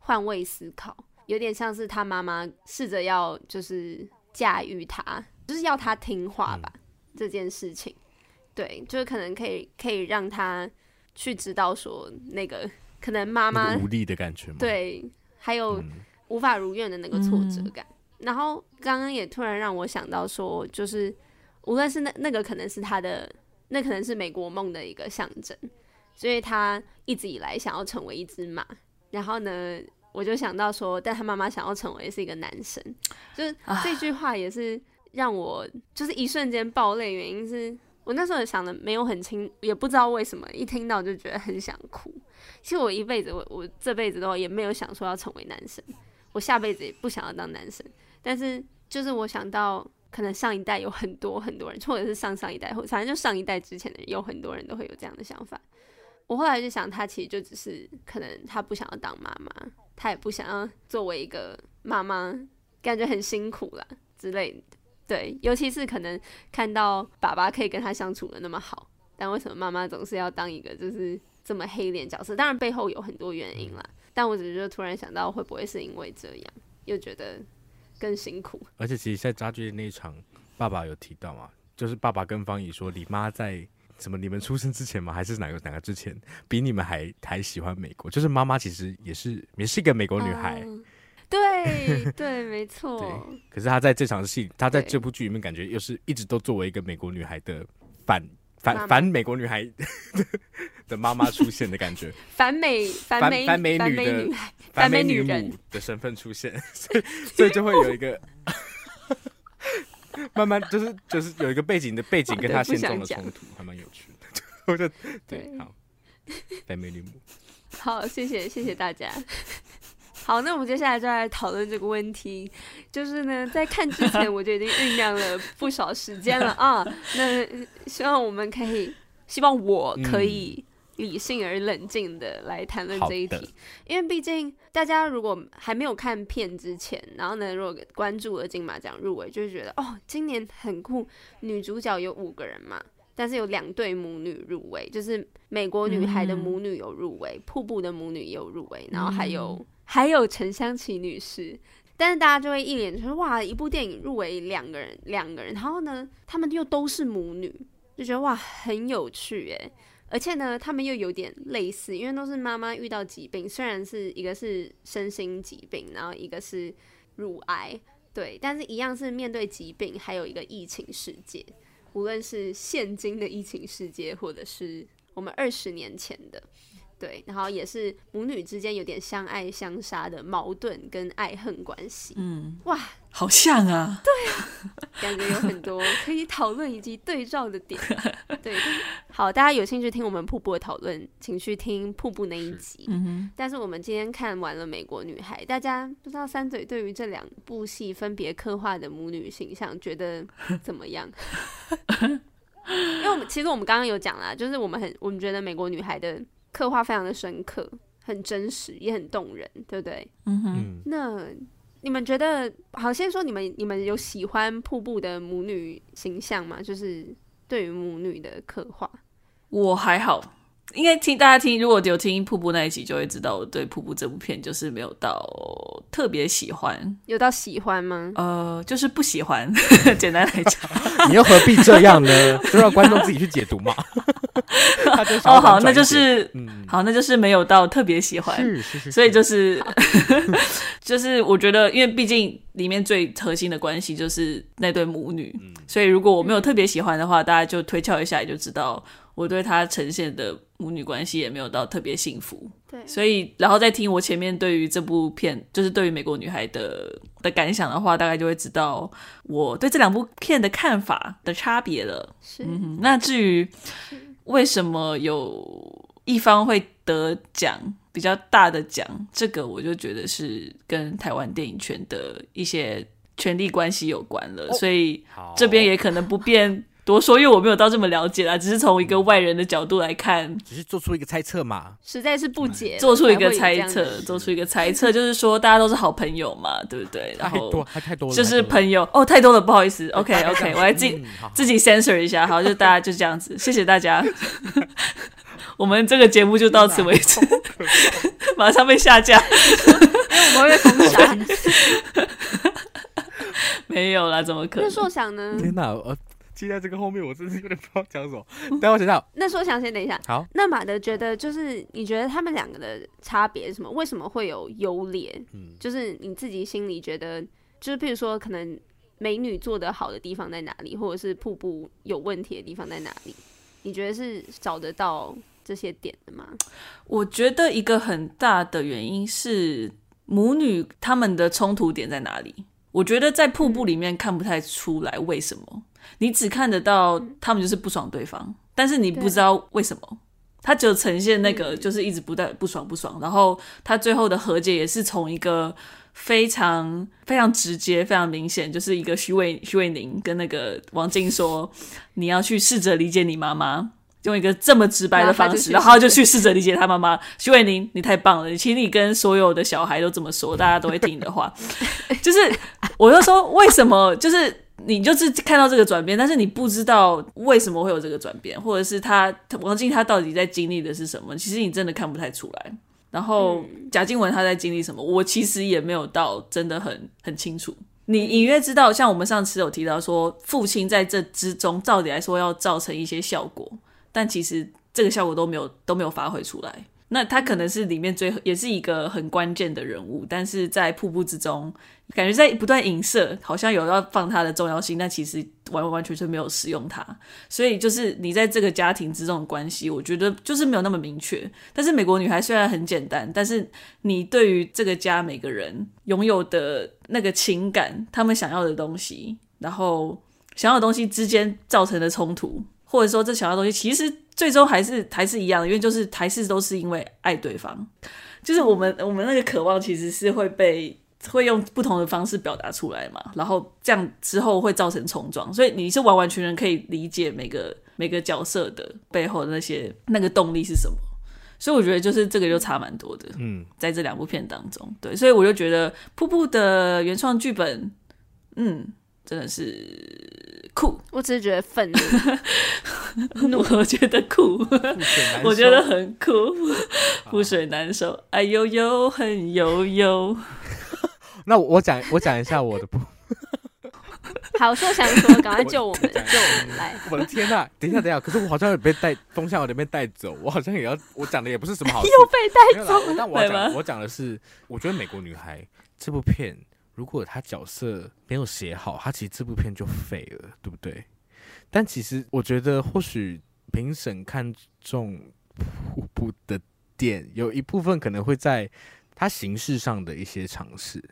換位思考，有點像是他媽媽試着要就是駕馭他，就是要他聽話吧。嗯這件事情，對，就是可能可以可以讓他去知道說那個可能媽媽無力的感覺，對，還有無法如願的那個挫折感。嗯、然後剛剛也突然讓我想到說，就是無論是那那個可能是他的那可能是美國夢的一個象徵，所以他一直以來想要成為一只馬。然後呢，我就想到說，但他媽媽想要成為是一個男生，就是、啊、這句話也是。讓我就是一瞬間爆淚，原因是我那時候想的沒有很清，也不知道為什麼一聽到就覺得很想哭。其實我一輩子，我我這輩子的話也沒有想說要成為男生，我下輩子也不想要當男生。但是就是我想到，可能上一代有很多很多人，或者是上上一代，或反正就上一代之前的有很多人都會有這樣的想法。我後來就想，他其實就只是可能他不想要當媽媽，他也不想要作為一個媽媽，感覺很辛苦了之類的。對，尤其是可能看到爸爸可以跟他相處得那麼好，但為什麼媽媽總是要當一個就是這麼黑臉角色？當然背後有很多原因啦，但我只是就突然想到，會不會是因為這樣，又覺得更辛苦？而且其實，在家具那一場，爸爸有提到嘛，就是爸爸跟芳儀說，你媽在什麼你們出生之前嗎？還是哪個哪個之前，比你們還還喜歡美國？就是媽媽其實也是也是一個美國女孩。呃對對，沒錯。 對，可是她在這場戲，她在這部劇裡面，感覺又是一直都作為一個美國女孩的反反媽媽反美國女孩的媽媽出現的感覺， 反美反美反美女的反美女孩，反美女人，反美女母的身份出現， 所以所以就會有一個 慢慢就是就是有一個背景的背景跟她現狀的衝突，還蠻有趣的。我 就對，對好，反美女母。好，謝謝謝謝大家。好，那我們接下來就來討論這個問題。就是呢，在看之前，我就已經醞釀了不少時間了 啊。那希望我們可以，希望我可以理性而冷靜的來談論這一題，嗯、因為畢竟大家如果還沒有看片之前，然後呢，如果關注了金馬獎入圍，就會覺得哦，今年很酷，女主角有五個人嘛，但是有兩對母女入圍，就是美國女孩的母女有入圍，嗯、哼瀑布的母女也有入圍，然後還有。嗯還有陳湘琪女士，但是大家就會一臉就是哇，一部電影入圍兩個人，兩個人，然後呢，他們又都是母女，就覺得哇，很有趣耶。而且呢，他們又有點類似，因為都是媽媽遇到疾病，雖然是一個是身心疾病，然後一個是乳癌，對，但是一樣是面對疾病，還有一個疫情世界，無論是現今的疫情世界，或者是我們二十年前的。對，然後也是母女之間有點相愛相殺的矛盾跟愛恨關係。嗯，哇，好像啊，對啊，感覺 有很多可以討論以及對照的點。對，好，大家有興趣聽我們瀑布的討論，請去聽瀑布那一集。嗯，但是我們今天看完了《美國女孩》，大家不知道三嘴對於這兩部戲分別刻畫的母女形象覺得怎麼樣？ 因為我們其實我們剛剛有講啦，就是我們很我們覺得《美國女孩》的。刻畫非常的深刻，很真實，也很動人，對不對？嗯哼。那你們覺得，好像說你們你們有喜歡瀑布的母女形象嗎？就是對於母女的刻畫，我還好，應該聽大家聽，如果有聽瀑布那一集，就會知道我對瀑布這部片就是沒有到特別喜歡，有到喜歡嗎？呃，就是不喜歡。呵呵簡單來講， 你又何必這樣呢？ 就讓觀眾自己去解讀嘛。 哦，好，那就是，嗯、好，那就是沒有到特別喜歡，是，是是是，所以就是，好 就是我覺得，因為畢竟裡面最核心的關係就是那對母女，嗯、所以如果我沒有特別喜歡的話，嗯、大家就推敲一下也就知道我對她呈現的母女關係也沒有到特別幸福，對，所以然後再聽我前面對於這部片，就是對於《美國女孩》的的感想的話，大概就會知道我對這兩部片的看法的差別了，是、嗯，那至於。為什麼有一方會得獎，比較大的獎？這個我就覺得是跟台灣電影圈的一些權力關係有關了，所以這邊也可能不便。多說，因為我沒有到這麼了解啦，只是從一個外人的角度來看，只是做出一個猜測嘛，實在是不解，做出一個猜測，做出一個猜測，是就是說大家都是好朋友嘛，對不對？然後還太多，就是朋友哦，哦，太多了，不好意思，OK OK，我來自己、嗯、自己 censor 一下，好，就大家就這樣子，謝謝大家， 我們這個節目就到此為止，馬上被下架， 被下架 沒有啦，怎麼可能？那受想呢？接在這個後面，我真是有點不知道講什麼。等我想到，那說想先等一下。好，那馬德覺得，就是你覺得他們兩個的差別是什麼？為什麼會有優劣？嗯，就是你自己心裡覺得，就是譬如說，可能美女做得好的地方在哪裡，或者是瀑布有問題的地方在哪裡？你覺得是找得到這些點的嗎？我覺得一個很大的原因是母女她們的衝突點在哪裡？我覺得在瀑布裡面看不太出來，為什麼？你只看得到他們就是不爽對方，嗯、但是你不知道為什麼，他對就呈現那個就是一直不帶，不爽不爽，嗯、然後他最後的和解也是從一個非常非常直接、非常明顯，就是一個許瑋許瑋甯跟那個王淨說：“ 你要去試着理解你媽媽，用一個這麼直白的方式，然後他就去然後他就去試着理解他媽媽。” 許瑋甯，你太棒了！請你跟所有的小孩都這麼說，大家都會聽你的話。 就是我就說，為什麼就是？你就是看到這個轉變，但是你不知道為什麼會有這個轉變，或者是他王淨他到底在經歷的是什麼？其實你真的看不太出來。然後賈靜雯她在經歷什麼，我其實也沒有到真的很很清楚。你隱約知道，像我們上次有提到說，父親在這之中照理來說要造成一些效果，但其實這個效果都沒有都沒有發揮出來。那他可能是裡面最也是一個很關鍵的人物，但是在瀑布之中。感覺在不斷影射，好像有要放他的重要性，但其實完完全全沒有使用他。所以就是你在這個家庭之中的關係，我覺得就是沒有那麼明確。但是美國女孩雖然很簡單，但是你對於這個家每個人擁有的那個情感，他們想要的東西，然後想要的東西之間造成的衝突，或者說這想要的東西其實最終還是還是一樣的，因為就是還是都是因為愛對方，就是我們我們那個渴望其實是會被。會用不同的方式表達出來嘛，然後這樣之後會造成衝撞，所以你是完完全全可以理解每個每個角色的背後的那些那個動力是什麼。所以我覺得就是這個就差蠻多的。嗯，在這兩部片當中，對，所以我就覺得《瀑布》的原創劇本，嗯，真的是酷。我只是覺得憤怒，怒 我覺得酷， 我覺得很酷，覆、啊、水難收，愛悠悠，恨悠悠。 那我講，我講一下我的不 好，說想說，趕快救我們，我救我們來！我的天哪，啊，等一下，等一下！可是我好像也被帶，東西我這邊帶走，我好像也要，我講的也不是什麼好事， 又被帶走。但我講，嗎我講的是，我覺得《美國女孩》這部片，如果她角色沒有寫好，她其實這部片就廢了，對不對？但其實我覺得，或許評審看中瀑布的點，有一部分可能會在她形式上的一些嘗試。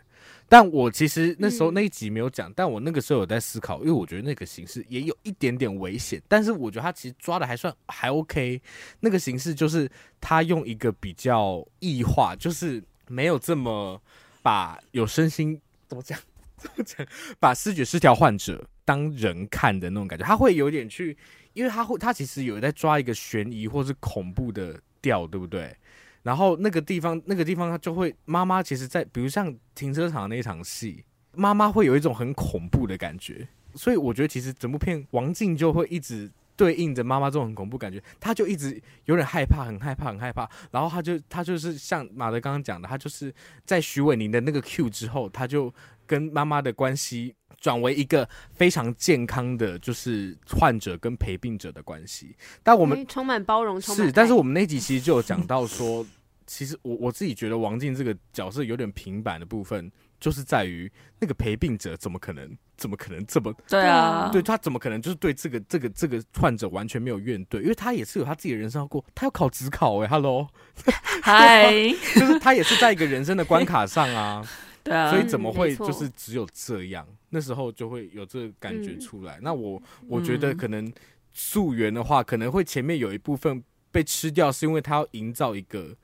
但我其實那時候那一集沒有講，嗯、但我那個時候有在思考，因為我覺得那個形式也有一點點危險，但是我覺得他其實抓的還算還 OK。那個形式就是他用一個比較異化，就是沒有這麼把有身心怎麼講怎麼講，把思覺失調患者當人看的那種感覺，他會有點去，因為他會他其實有在抓一個懸疑或是恐怖的調，對不對？然後那個地方，那個地方他就會媽媽，其實在，在比如像停車場那一場戲，媽媽會有一種很恐怖的感覺。所以我覺得其實整部片王淨就會一直對應着媽媽這種很恐怖的感覺，他就一直有點害怕，很害怕，很害怕。然後他就他就是像馬德剛剛講的，他就是在許瑋甯的那個 Q 之後，他就。跟媽媽的關係轉為一個非常健康的就是患者跟陪病者的關係，但我們、嗯、充滿包容充是，但是我們那集其實就有講到說， 其實我我自己覺得王靜這個角色有點平板的部分，就是在於那個陪病者怎麼可能怎麼可能這麼對啊？嗯、對他怎麼可能就是對這個這個這個患者完全沒有怨懟，因為他也是有他自己的人生要過，他要考指考哎、欸、Hello，嗨 Hi， 就是他也是在一個人生的關卡上啊。 對啊、所以怎麼會就是只有這樣？錯那時候就會有這個感覺出來。嗯、那我我覺得可能溯源的話，嗯、可能會前面有一部分被吃掉，是因為他要營造一個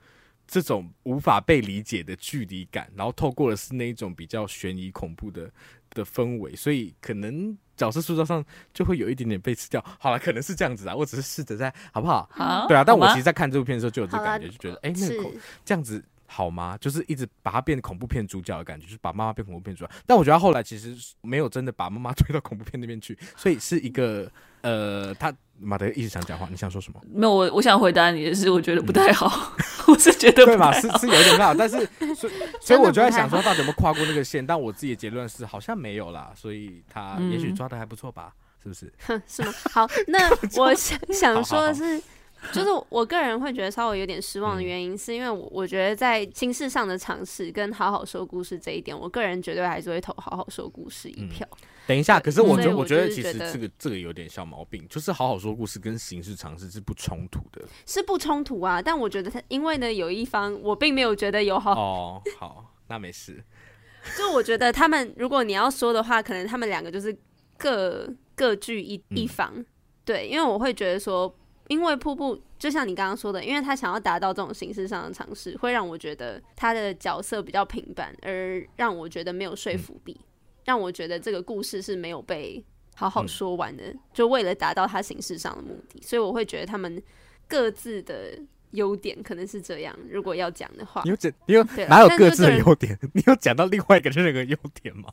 這種無法被理解的距離感，然後透過的是那一種比較懸疑恐怖的的氛圍，所以可能角色塑造上就會有一點點被吃掉。好了，可能是這樣子啊，我只是試着在，好不好？好，對啊。吧但我其實在看這部片的時候就有這感覺，啦就覺得哎，那個口是這樣子。好嗎？就是一直把他變恐怖片主角的感覺，就是把媽媽變恐怖片主角。但我覺得他後來其實沒有真的把媽媽推到恐怖片那邊去，所以是一個呃，他馬德一直想講話，你想說什麼？沒有，我我想回答你的是，我覺得不太好，嗯、 我是覺得不太好，對嘛，是是有點不好，但是所以所以我就在想說，到底有沒有跨過那個線？但我自己的結論是，好像沒有啦。所以他也許抓的還不錯吧？嗯、是不是？ 是嗎？好，那我想 好好好想說的是。 就是我個人會覺得稍微有點失望的原因，是因為我我覺得在形式上的嘗試跟好好說故事這一點，我個人絕對還是會投好好說故事一票，嗯。等一下，可是我覺得我覺得，我覺得其實這個這個有點小毛病，就是好好說故事跟形式嘗試是不衝突的，是不衝突啊。但我覺得他因為呢有一方我並沒有覺得有好，哦，好好那沒事。 就我覺得他們如果你要說的話，可能他們兩個就是各各據一一方。嗯、對，因為我會覺得說。因為瀑布就像你剛剛說的，因為他想要達到這種形式上的嘗試，會讓我覺得他的角色比較平凡，而讓我覺得沒有說服力。嗯、讓我覺得這個故事是沒有被好好說完的。嗯、就為了達到他形式上的目的，所以我會覺得他們各自的，優點可能是這樣，如果要講的話，你有你有啦哪有各自的優點？你有講到另外一個任何優點嗎？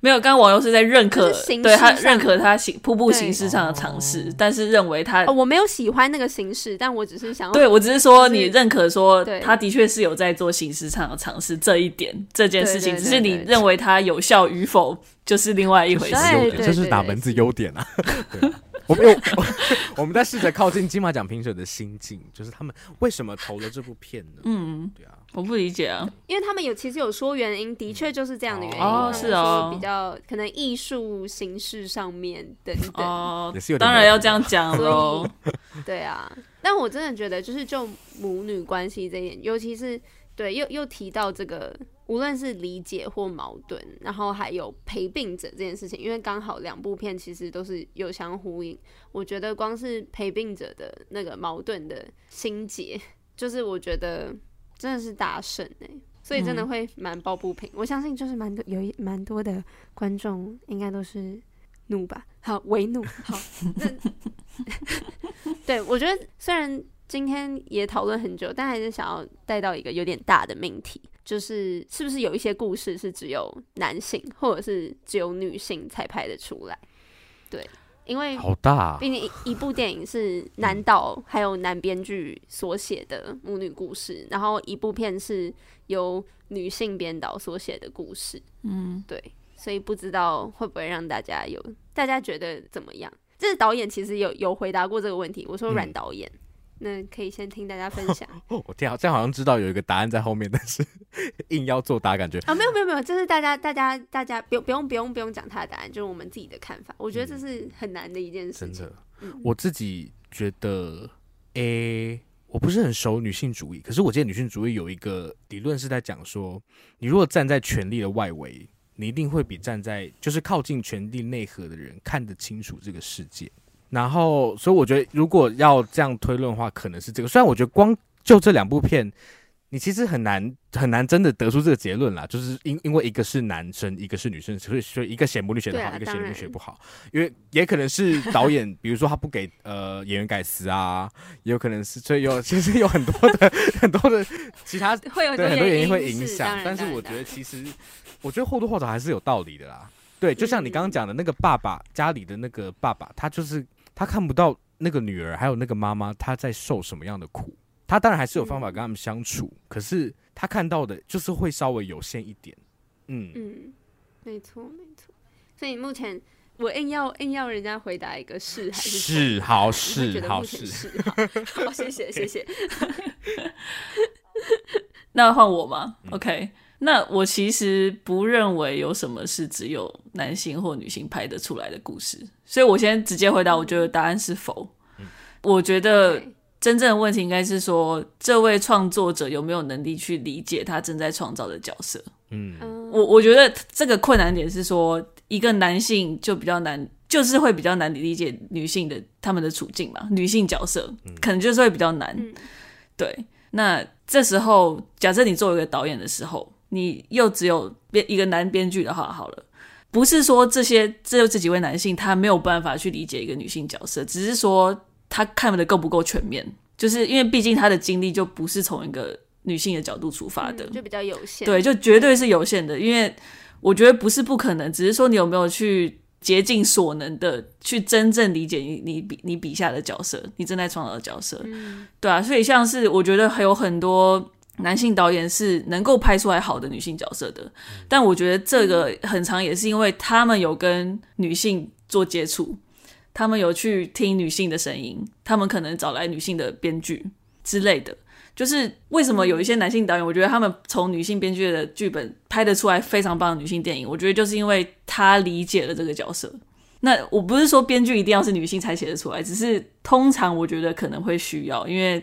沒有，剛剛網友是在認可，對他認可他行瀑布形式上的嘗試，對但是認為他、哦哦、我沒有喜歡那個形式，但我只是想要，對我只是說你認可說他的確是有在做形式上的嘗試這一點，這件事情對對對對對，只是你認為它有效與否就是另外一回事，對對對對對這是哪門子優點啊？ 對 我沒有，我們在試着靠近金馬獎評審的心境，就是他們為什麼投了這部片呢？嗯，對啊，我不理解啊，因為他們有其實有說原因，的確就是這樣的原因，是啊、嗯，哦、比較、哦、可能藝術形式上面等等，哦，對也是有，有，當然要這樣講嘍， 對啊，但我真的覺得就是就母女關係這一點，尤其是。對，又又提到這個，無論是理解或矛盾，然後還有陪病者這件事情，因為剛好兩部片其實都是有相呼應。我覺得光是陪病者的那個矛盾的心結，就是我覺得真的是大勝哎、欸，所以真的會蠻抱不平。嗯、我相信就是蠻多有蠻多的觀眾應該都是怒吧，好為怒，好，那 對，我覺得雖然。今天也討論很久，但還是想要帶到一個有點大的命題，就是是不是有一些故事是只有男性或者是只有女性才拍得出來？對，因為好大，畢竟一部電影是男導還有男編劇所寫的母女故事，嗯、然後一部片是由女性編導所寫的故事，嗯，對，所以不知道會不會讓大家有，大家覺得怎麼樣？這、就是導演其實有，有回答過這個問題，我說阮導演。嗯那可以先聽大家分享。哦、我聽好像好像知道有一個答案在後面，但是硬要作答感覺啊，沒有沒有沒有，這是大家大家大家不不用不用不用講他的答案，就是我們自己的看法。我覺得這是很難的一件事、嗯、真的，嗯、我自己覺得，誒、欸，我不是很熟女性主義，可是我記得女性主義有一個理論是在講說，你如果站在權力的外圍，你一定會比站在就是靠近權力內核的人看得清楚這個世界。然後，所以我覺得，如果要這樣推論的話，可能是這個。雖然我覺得光就這兩部片，你其實很難很難真的得出這個結論啦。就是因因為一個是男生，一個是女生，所以所以一個寫母女寫的好，啊、一個寫母女寫不好。然因為也可能是導演， 比如說他不給呃演員改詞啊，也有可能是，所以有其實有很多的 很多的其他會有很多原因會影響。是但是我覺得其實，我覺得或多或少還是有道理的啦。嗯、對，就像你剛剛講的那個爸爸，家裡的那個爸爸，他就是。他看不到那個女兒，還有那個媽媽，她在受什麼樣的苦。他當然還是有方法跟他們相處，嗯、可是他看到的，就是會稍微有限一點。嗯嗯，沒錯沒錯。所以目前我硬要硬要人家回答一個是還是是好，是，好 是，好是。好」好，謝謝 Okay. 謝謝。 那要換我嗎？OK、嗯。那我其實不認為有什麼是只有男性或女性拍得出來的故事，所以我先直接回答，我覺得答案是否。嗯，我覺得真正的問題應該是說，這位創作者有沒有能力去理解他正在創造的角色？嗯，我我覺得這個困難點是說，一個男性就比較難，就是會比較難理解女性的他們的處境嘛，女性角色可能就是會比較難。嗯，對，那這時候假設你作為一個導演的時候。你又只有編一個男編劇的話，好了，不是說這些只有這幾位男性他沒有辦法去理解一個女性角色，只是說他看的夠不夠全面，就是因為畢竟他的經歷就不是從一個女性的角度出發的，嗯、就比較有限，對，就絕對是有限的。對因為我覺得不是不可能，只是說你有沒有去竭盡所能的去真正理解你你筆你筆下的角色，你正在創造的角色，嗯、對啊，所以像是我覺得還有很多，男性導演是能夠拍出來好的女性角色的，但我覺得這個很常也是因為他們有跟女性做接觸，他們有去聽女性的聲音，他們可能找來女性的編劇之類的。就是為什麼有一些男性導演，我覺得他們從女性編劇的劇本拍得出來非常棒的女性電影，我覺得就是因為他理解了這個角色。那我不是說編劇一定要是女性才寫得出來，只是通常我覺得可能會需要，因為。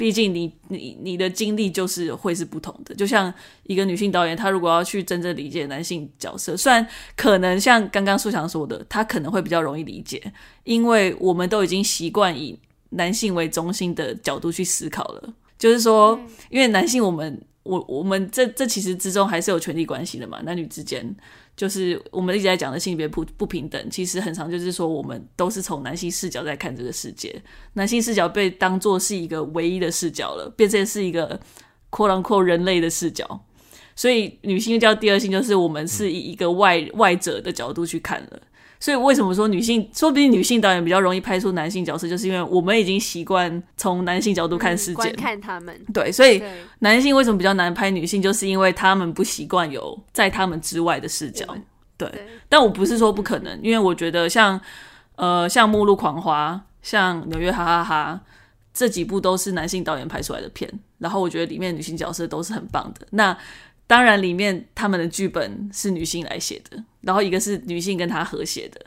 畢竟你，你你你的經歷就是會是不同的。就像一個女性導演，她如果要去真正理解男性角色，雖然可能像剛剛蘇強說的，她可能會比較容易理解，因為我們都已經習慣以男性為中心的角度去思考了。就是說，因為男性我們我，我們我我們這這其實之中還是有權利關係的嘛，男女之間。就是我們一直在講的性別不不平等，其實很常就是說，我們都是從男性視角在看這個世界，男性視角被當做是一個唯一的視角了，變成是一個 quote unquote 人類的視角，所以女性叫第二性，就是我們是以一個外、嗯、外者的角度去看了。所以為什麼說女性，說不定女性導演比較容易拍出男性角色，就是因為我們已經習慣從男性角度看世界，嗯、看他們。對，所以男性為什麼比較難拍女性，就是因為他們不習慣有在他們之外的視角。對。對對，但我不是說不可能，嗯、因為我覺得像，嗯、呃，像《末路狂花》、像《紐約哈哈哈》這幾部都是男性導演拍出來的片，然後我覺得裡面女性角色都是很棒的。那當然，裡面他們的劇本是女性來寫的。然後一個是女性跟他合寫的，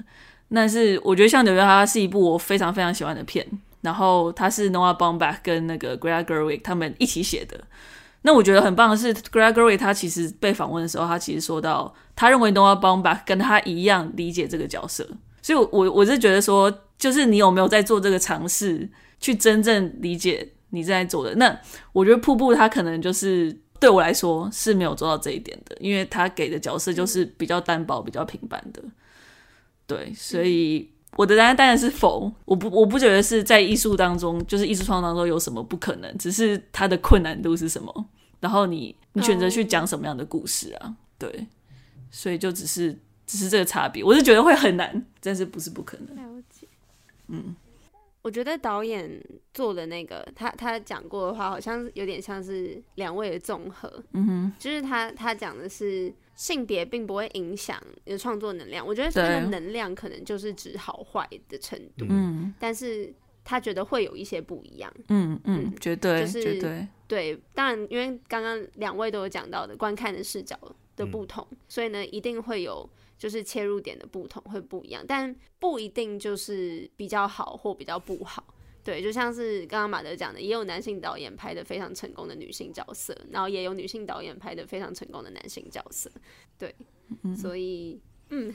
但是我覺得像紐約哈是一部我非常非常喜歡的片。然後他是 Noah Baumbach 跟那個 Greta Gerwig 他們一起寫的。那我覺得很棒的是 Greta Gerwig 他其實被訪問的時候，他其實說到他認為 Noah Baumbach 跟他一樣理解這個角色。所以我，我我是覺得說，就是你有沒有在做這個嘗試去真正理解你在做的？那我覺得瀑布它可能就是。對我來說是沒有做到這一點的，因為他給的角色就是比較單薄，比較平凡的。對，所以我的答案當然是否。我不，我不覺得是在藝術當中，就是藝術創作當中有什麼不可能，只是它的困難度是什麼，然後你你選擇去講什麼樣的故事啊。對，所以就只是只是這個差別，我是覺得會很難，但是不是不可能。嗯。我覺得導演做的那個，他他講過的話，好像有點像是兩位的綜合。嗯哼，就是他他講的是性別並不會影響你的創作能量。我覺得這個能量可能就是指好壞的程度。嗯對，但是他覺得會有一些不一樣。嗯嗯，嗯嗯絕對、就是、絕對對。當然，因為剛剛兩位都有講到的觀看的視角的不同，嗯、所以呢，一定會有。就是切入點的不同會不一樣，但不一定就是比較好或比較不好。對，就像是剛剛馬德講的，也有男性導演拍的非常成功的女性角色，然後也有女性導演拍的非常成功的男性角色。對，所以，嗯，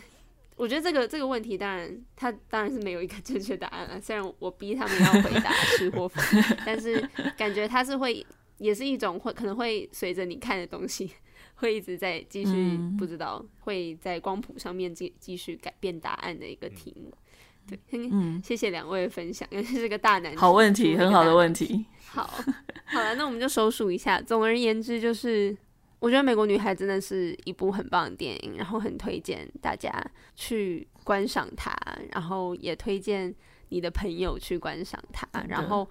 我覺得這個這個問題，當然他當然是沒有一個正確答案了。雖然我逼他們要回答是或否， 但是感覺他是會，也是一種會，可能會隨着你看的東西。會一直在繼續，不知道、嗯、會在光譜上面繼繼續改變答案的一個題目。嗯、對，嗯，嗯謝謝兩位分享，尤其是個大難題。好問題，很好的問題。好好了，那我們就收拾一下。 總而言之，就是我覺得《美國女孩》真的是一部很棒的電影，然後很推薦大家去觀賞它，然後也推薦你的朋友去觀賞它，的然後。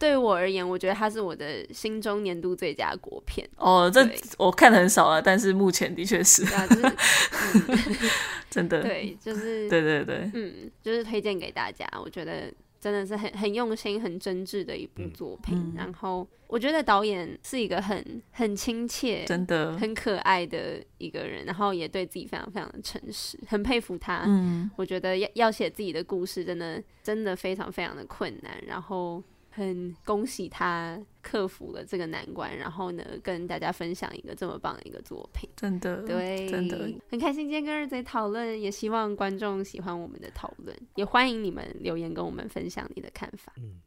對我而言，我覺得它是我的心中年度最佳國片。哦，這對我看的很少了，啊，但是目前的確是，啊就是嗯、 真的，對，就是，對對對，嗯，就是推薦給大家。我覺得真的是很很用心、很真摯的一部作品。嗯、然後，我覺得導演是一個很很親切、真的、很可愛的一個人，然後也對自己非常非常的誠實，很佩服他。嗯，我覺得要要寫自己的故事，真的真的非常非常的困難。然後。很恭喜他克服了這個難關，然後呢，跟大家分享一個這麼棒的一個作品，真的，對，真的，很開心今天跟二仔討論，也希望觀眾喜歡我們的討論，也歡迎你們留言跟我們分享你的看法。嗯，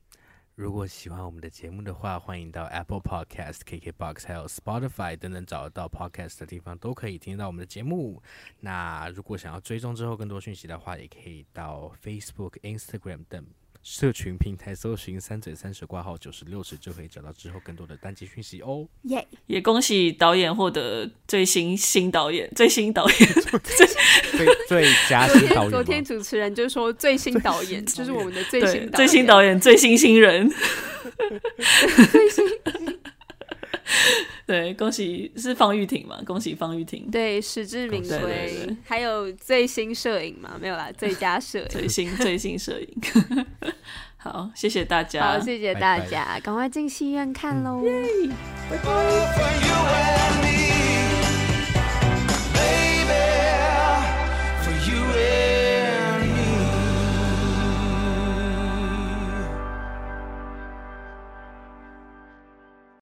如果喜歡我們的節目的話，歡迎到 Apple Podcast、KK Box 還有 Spotify 等等找得到 Podcast 的地方都可以聽到我們的節目。那如果想要追蹤之後更多訊息的話，也可以到 Facebook、Instagram 等。社群平台搜尋三嘴三十掛號九十六十，就可以找到之後更多的單集訊息哦。耶！Yeah. 也恭喜導演獲得最新新導演，最新導演最最佳新導演昨。昨天主持人就說最新導演，新導演就是我們的最新導演，最新導演最新新人。對，恭喜是方玉婷嘛？恭喜方玉婷，對，實至名歸。對對對，還有最新攝影嘛？沒有啦，最佳攝影 最，最新最新攝影。 好，謝謝大家，好，謝謝大家，趕 bye 快進戲院看嘍。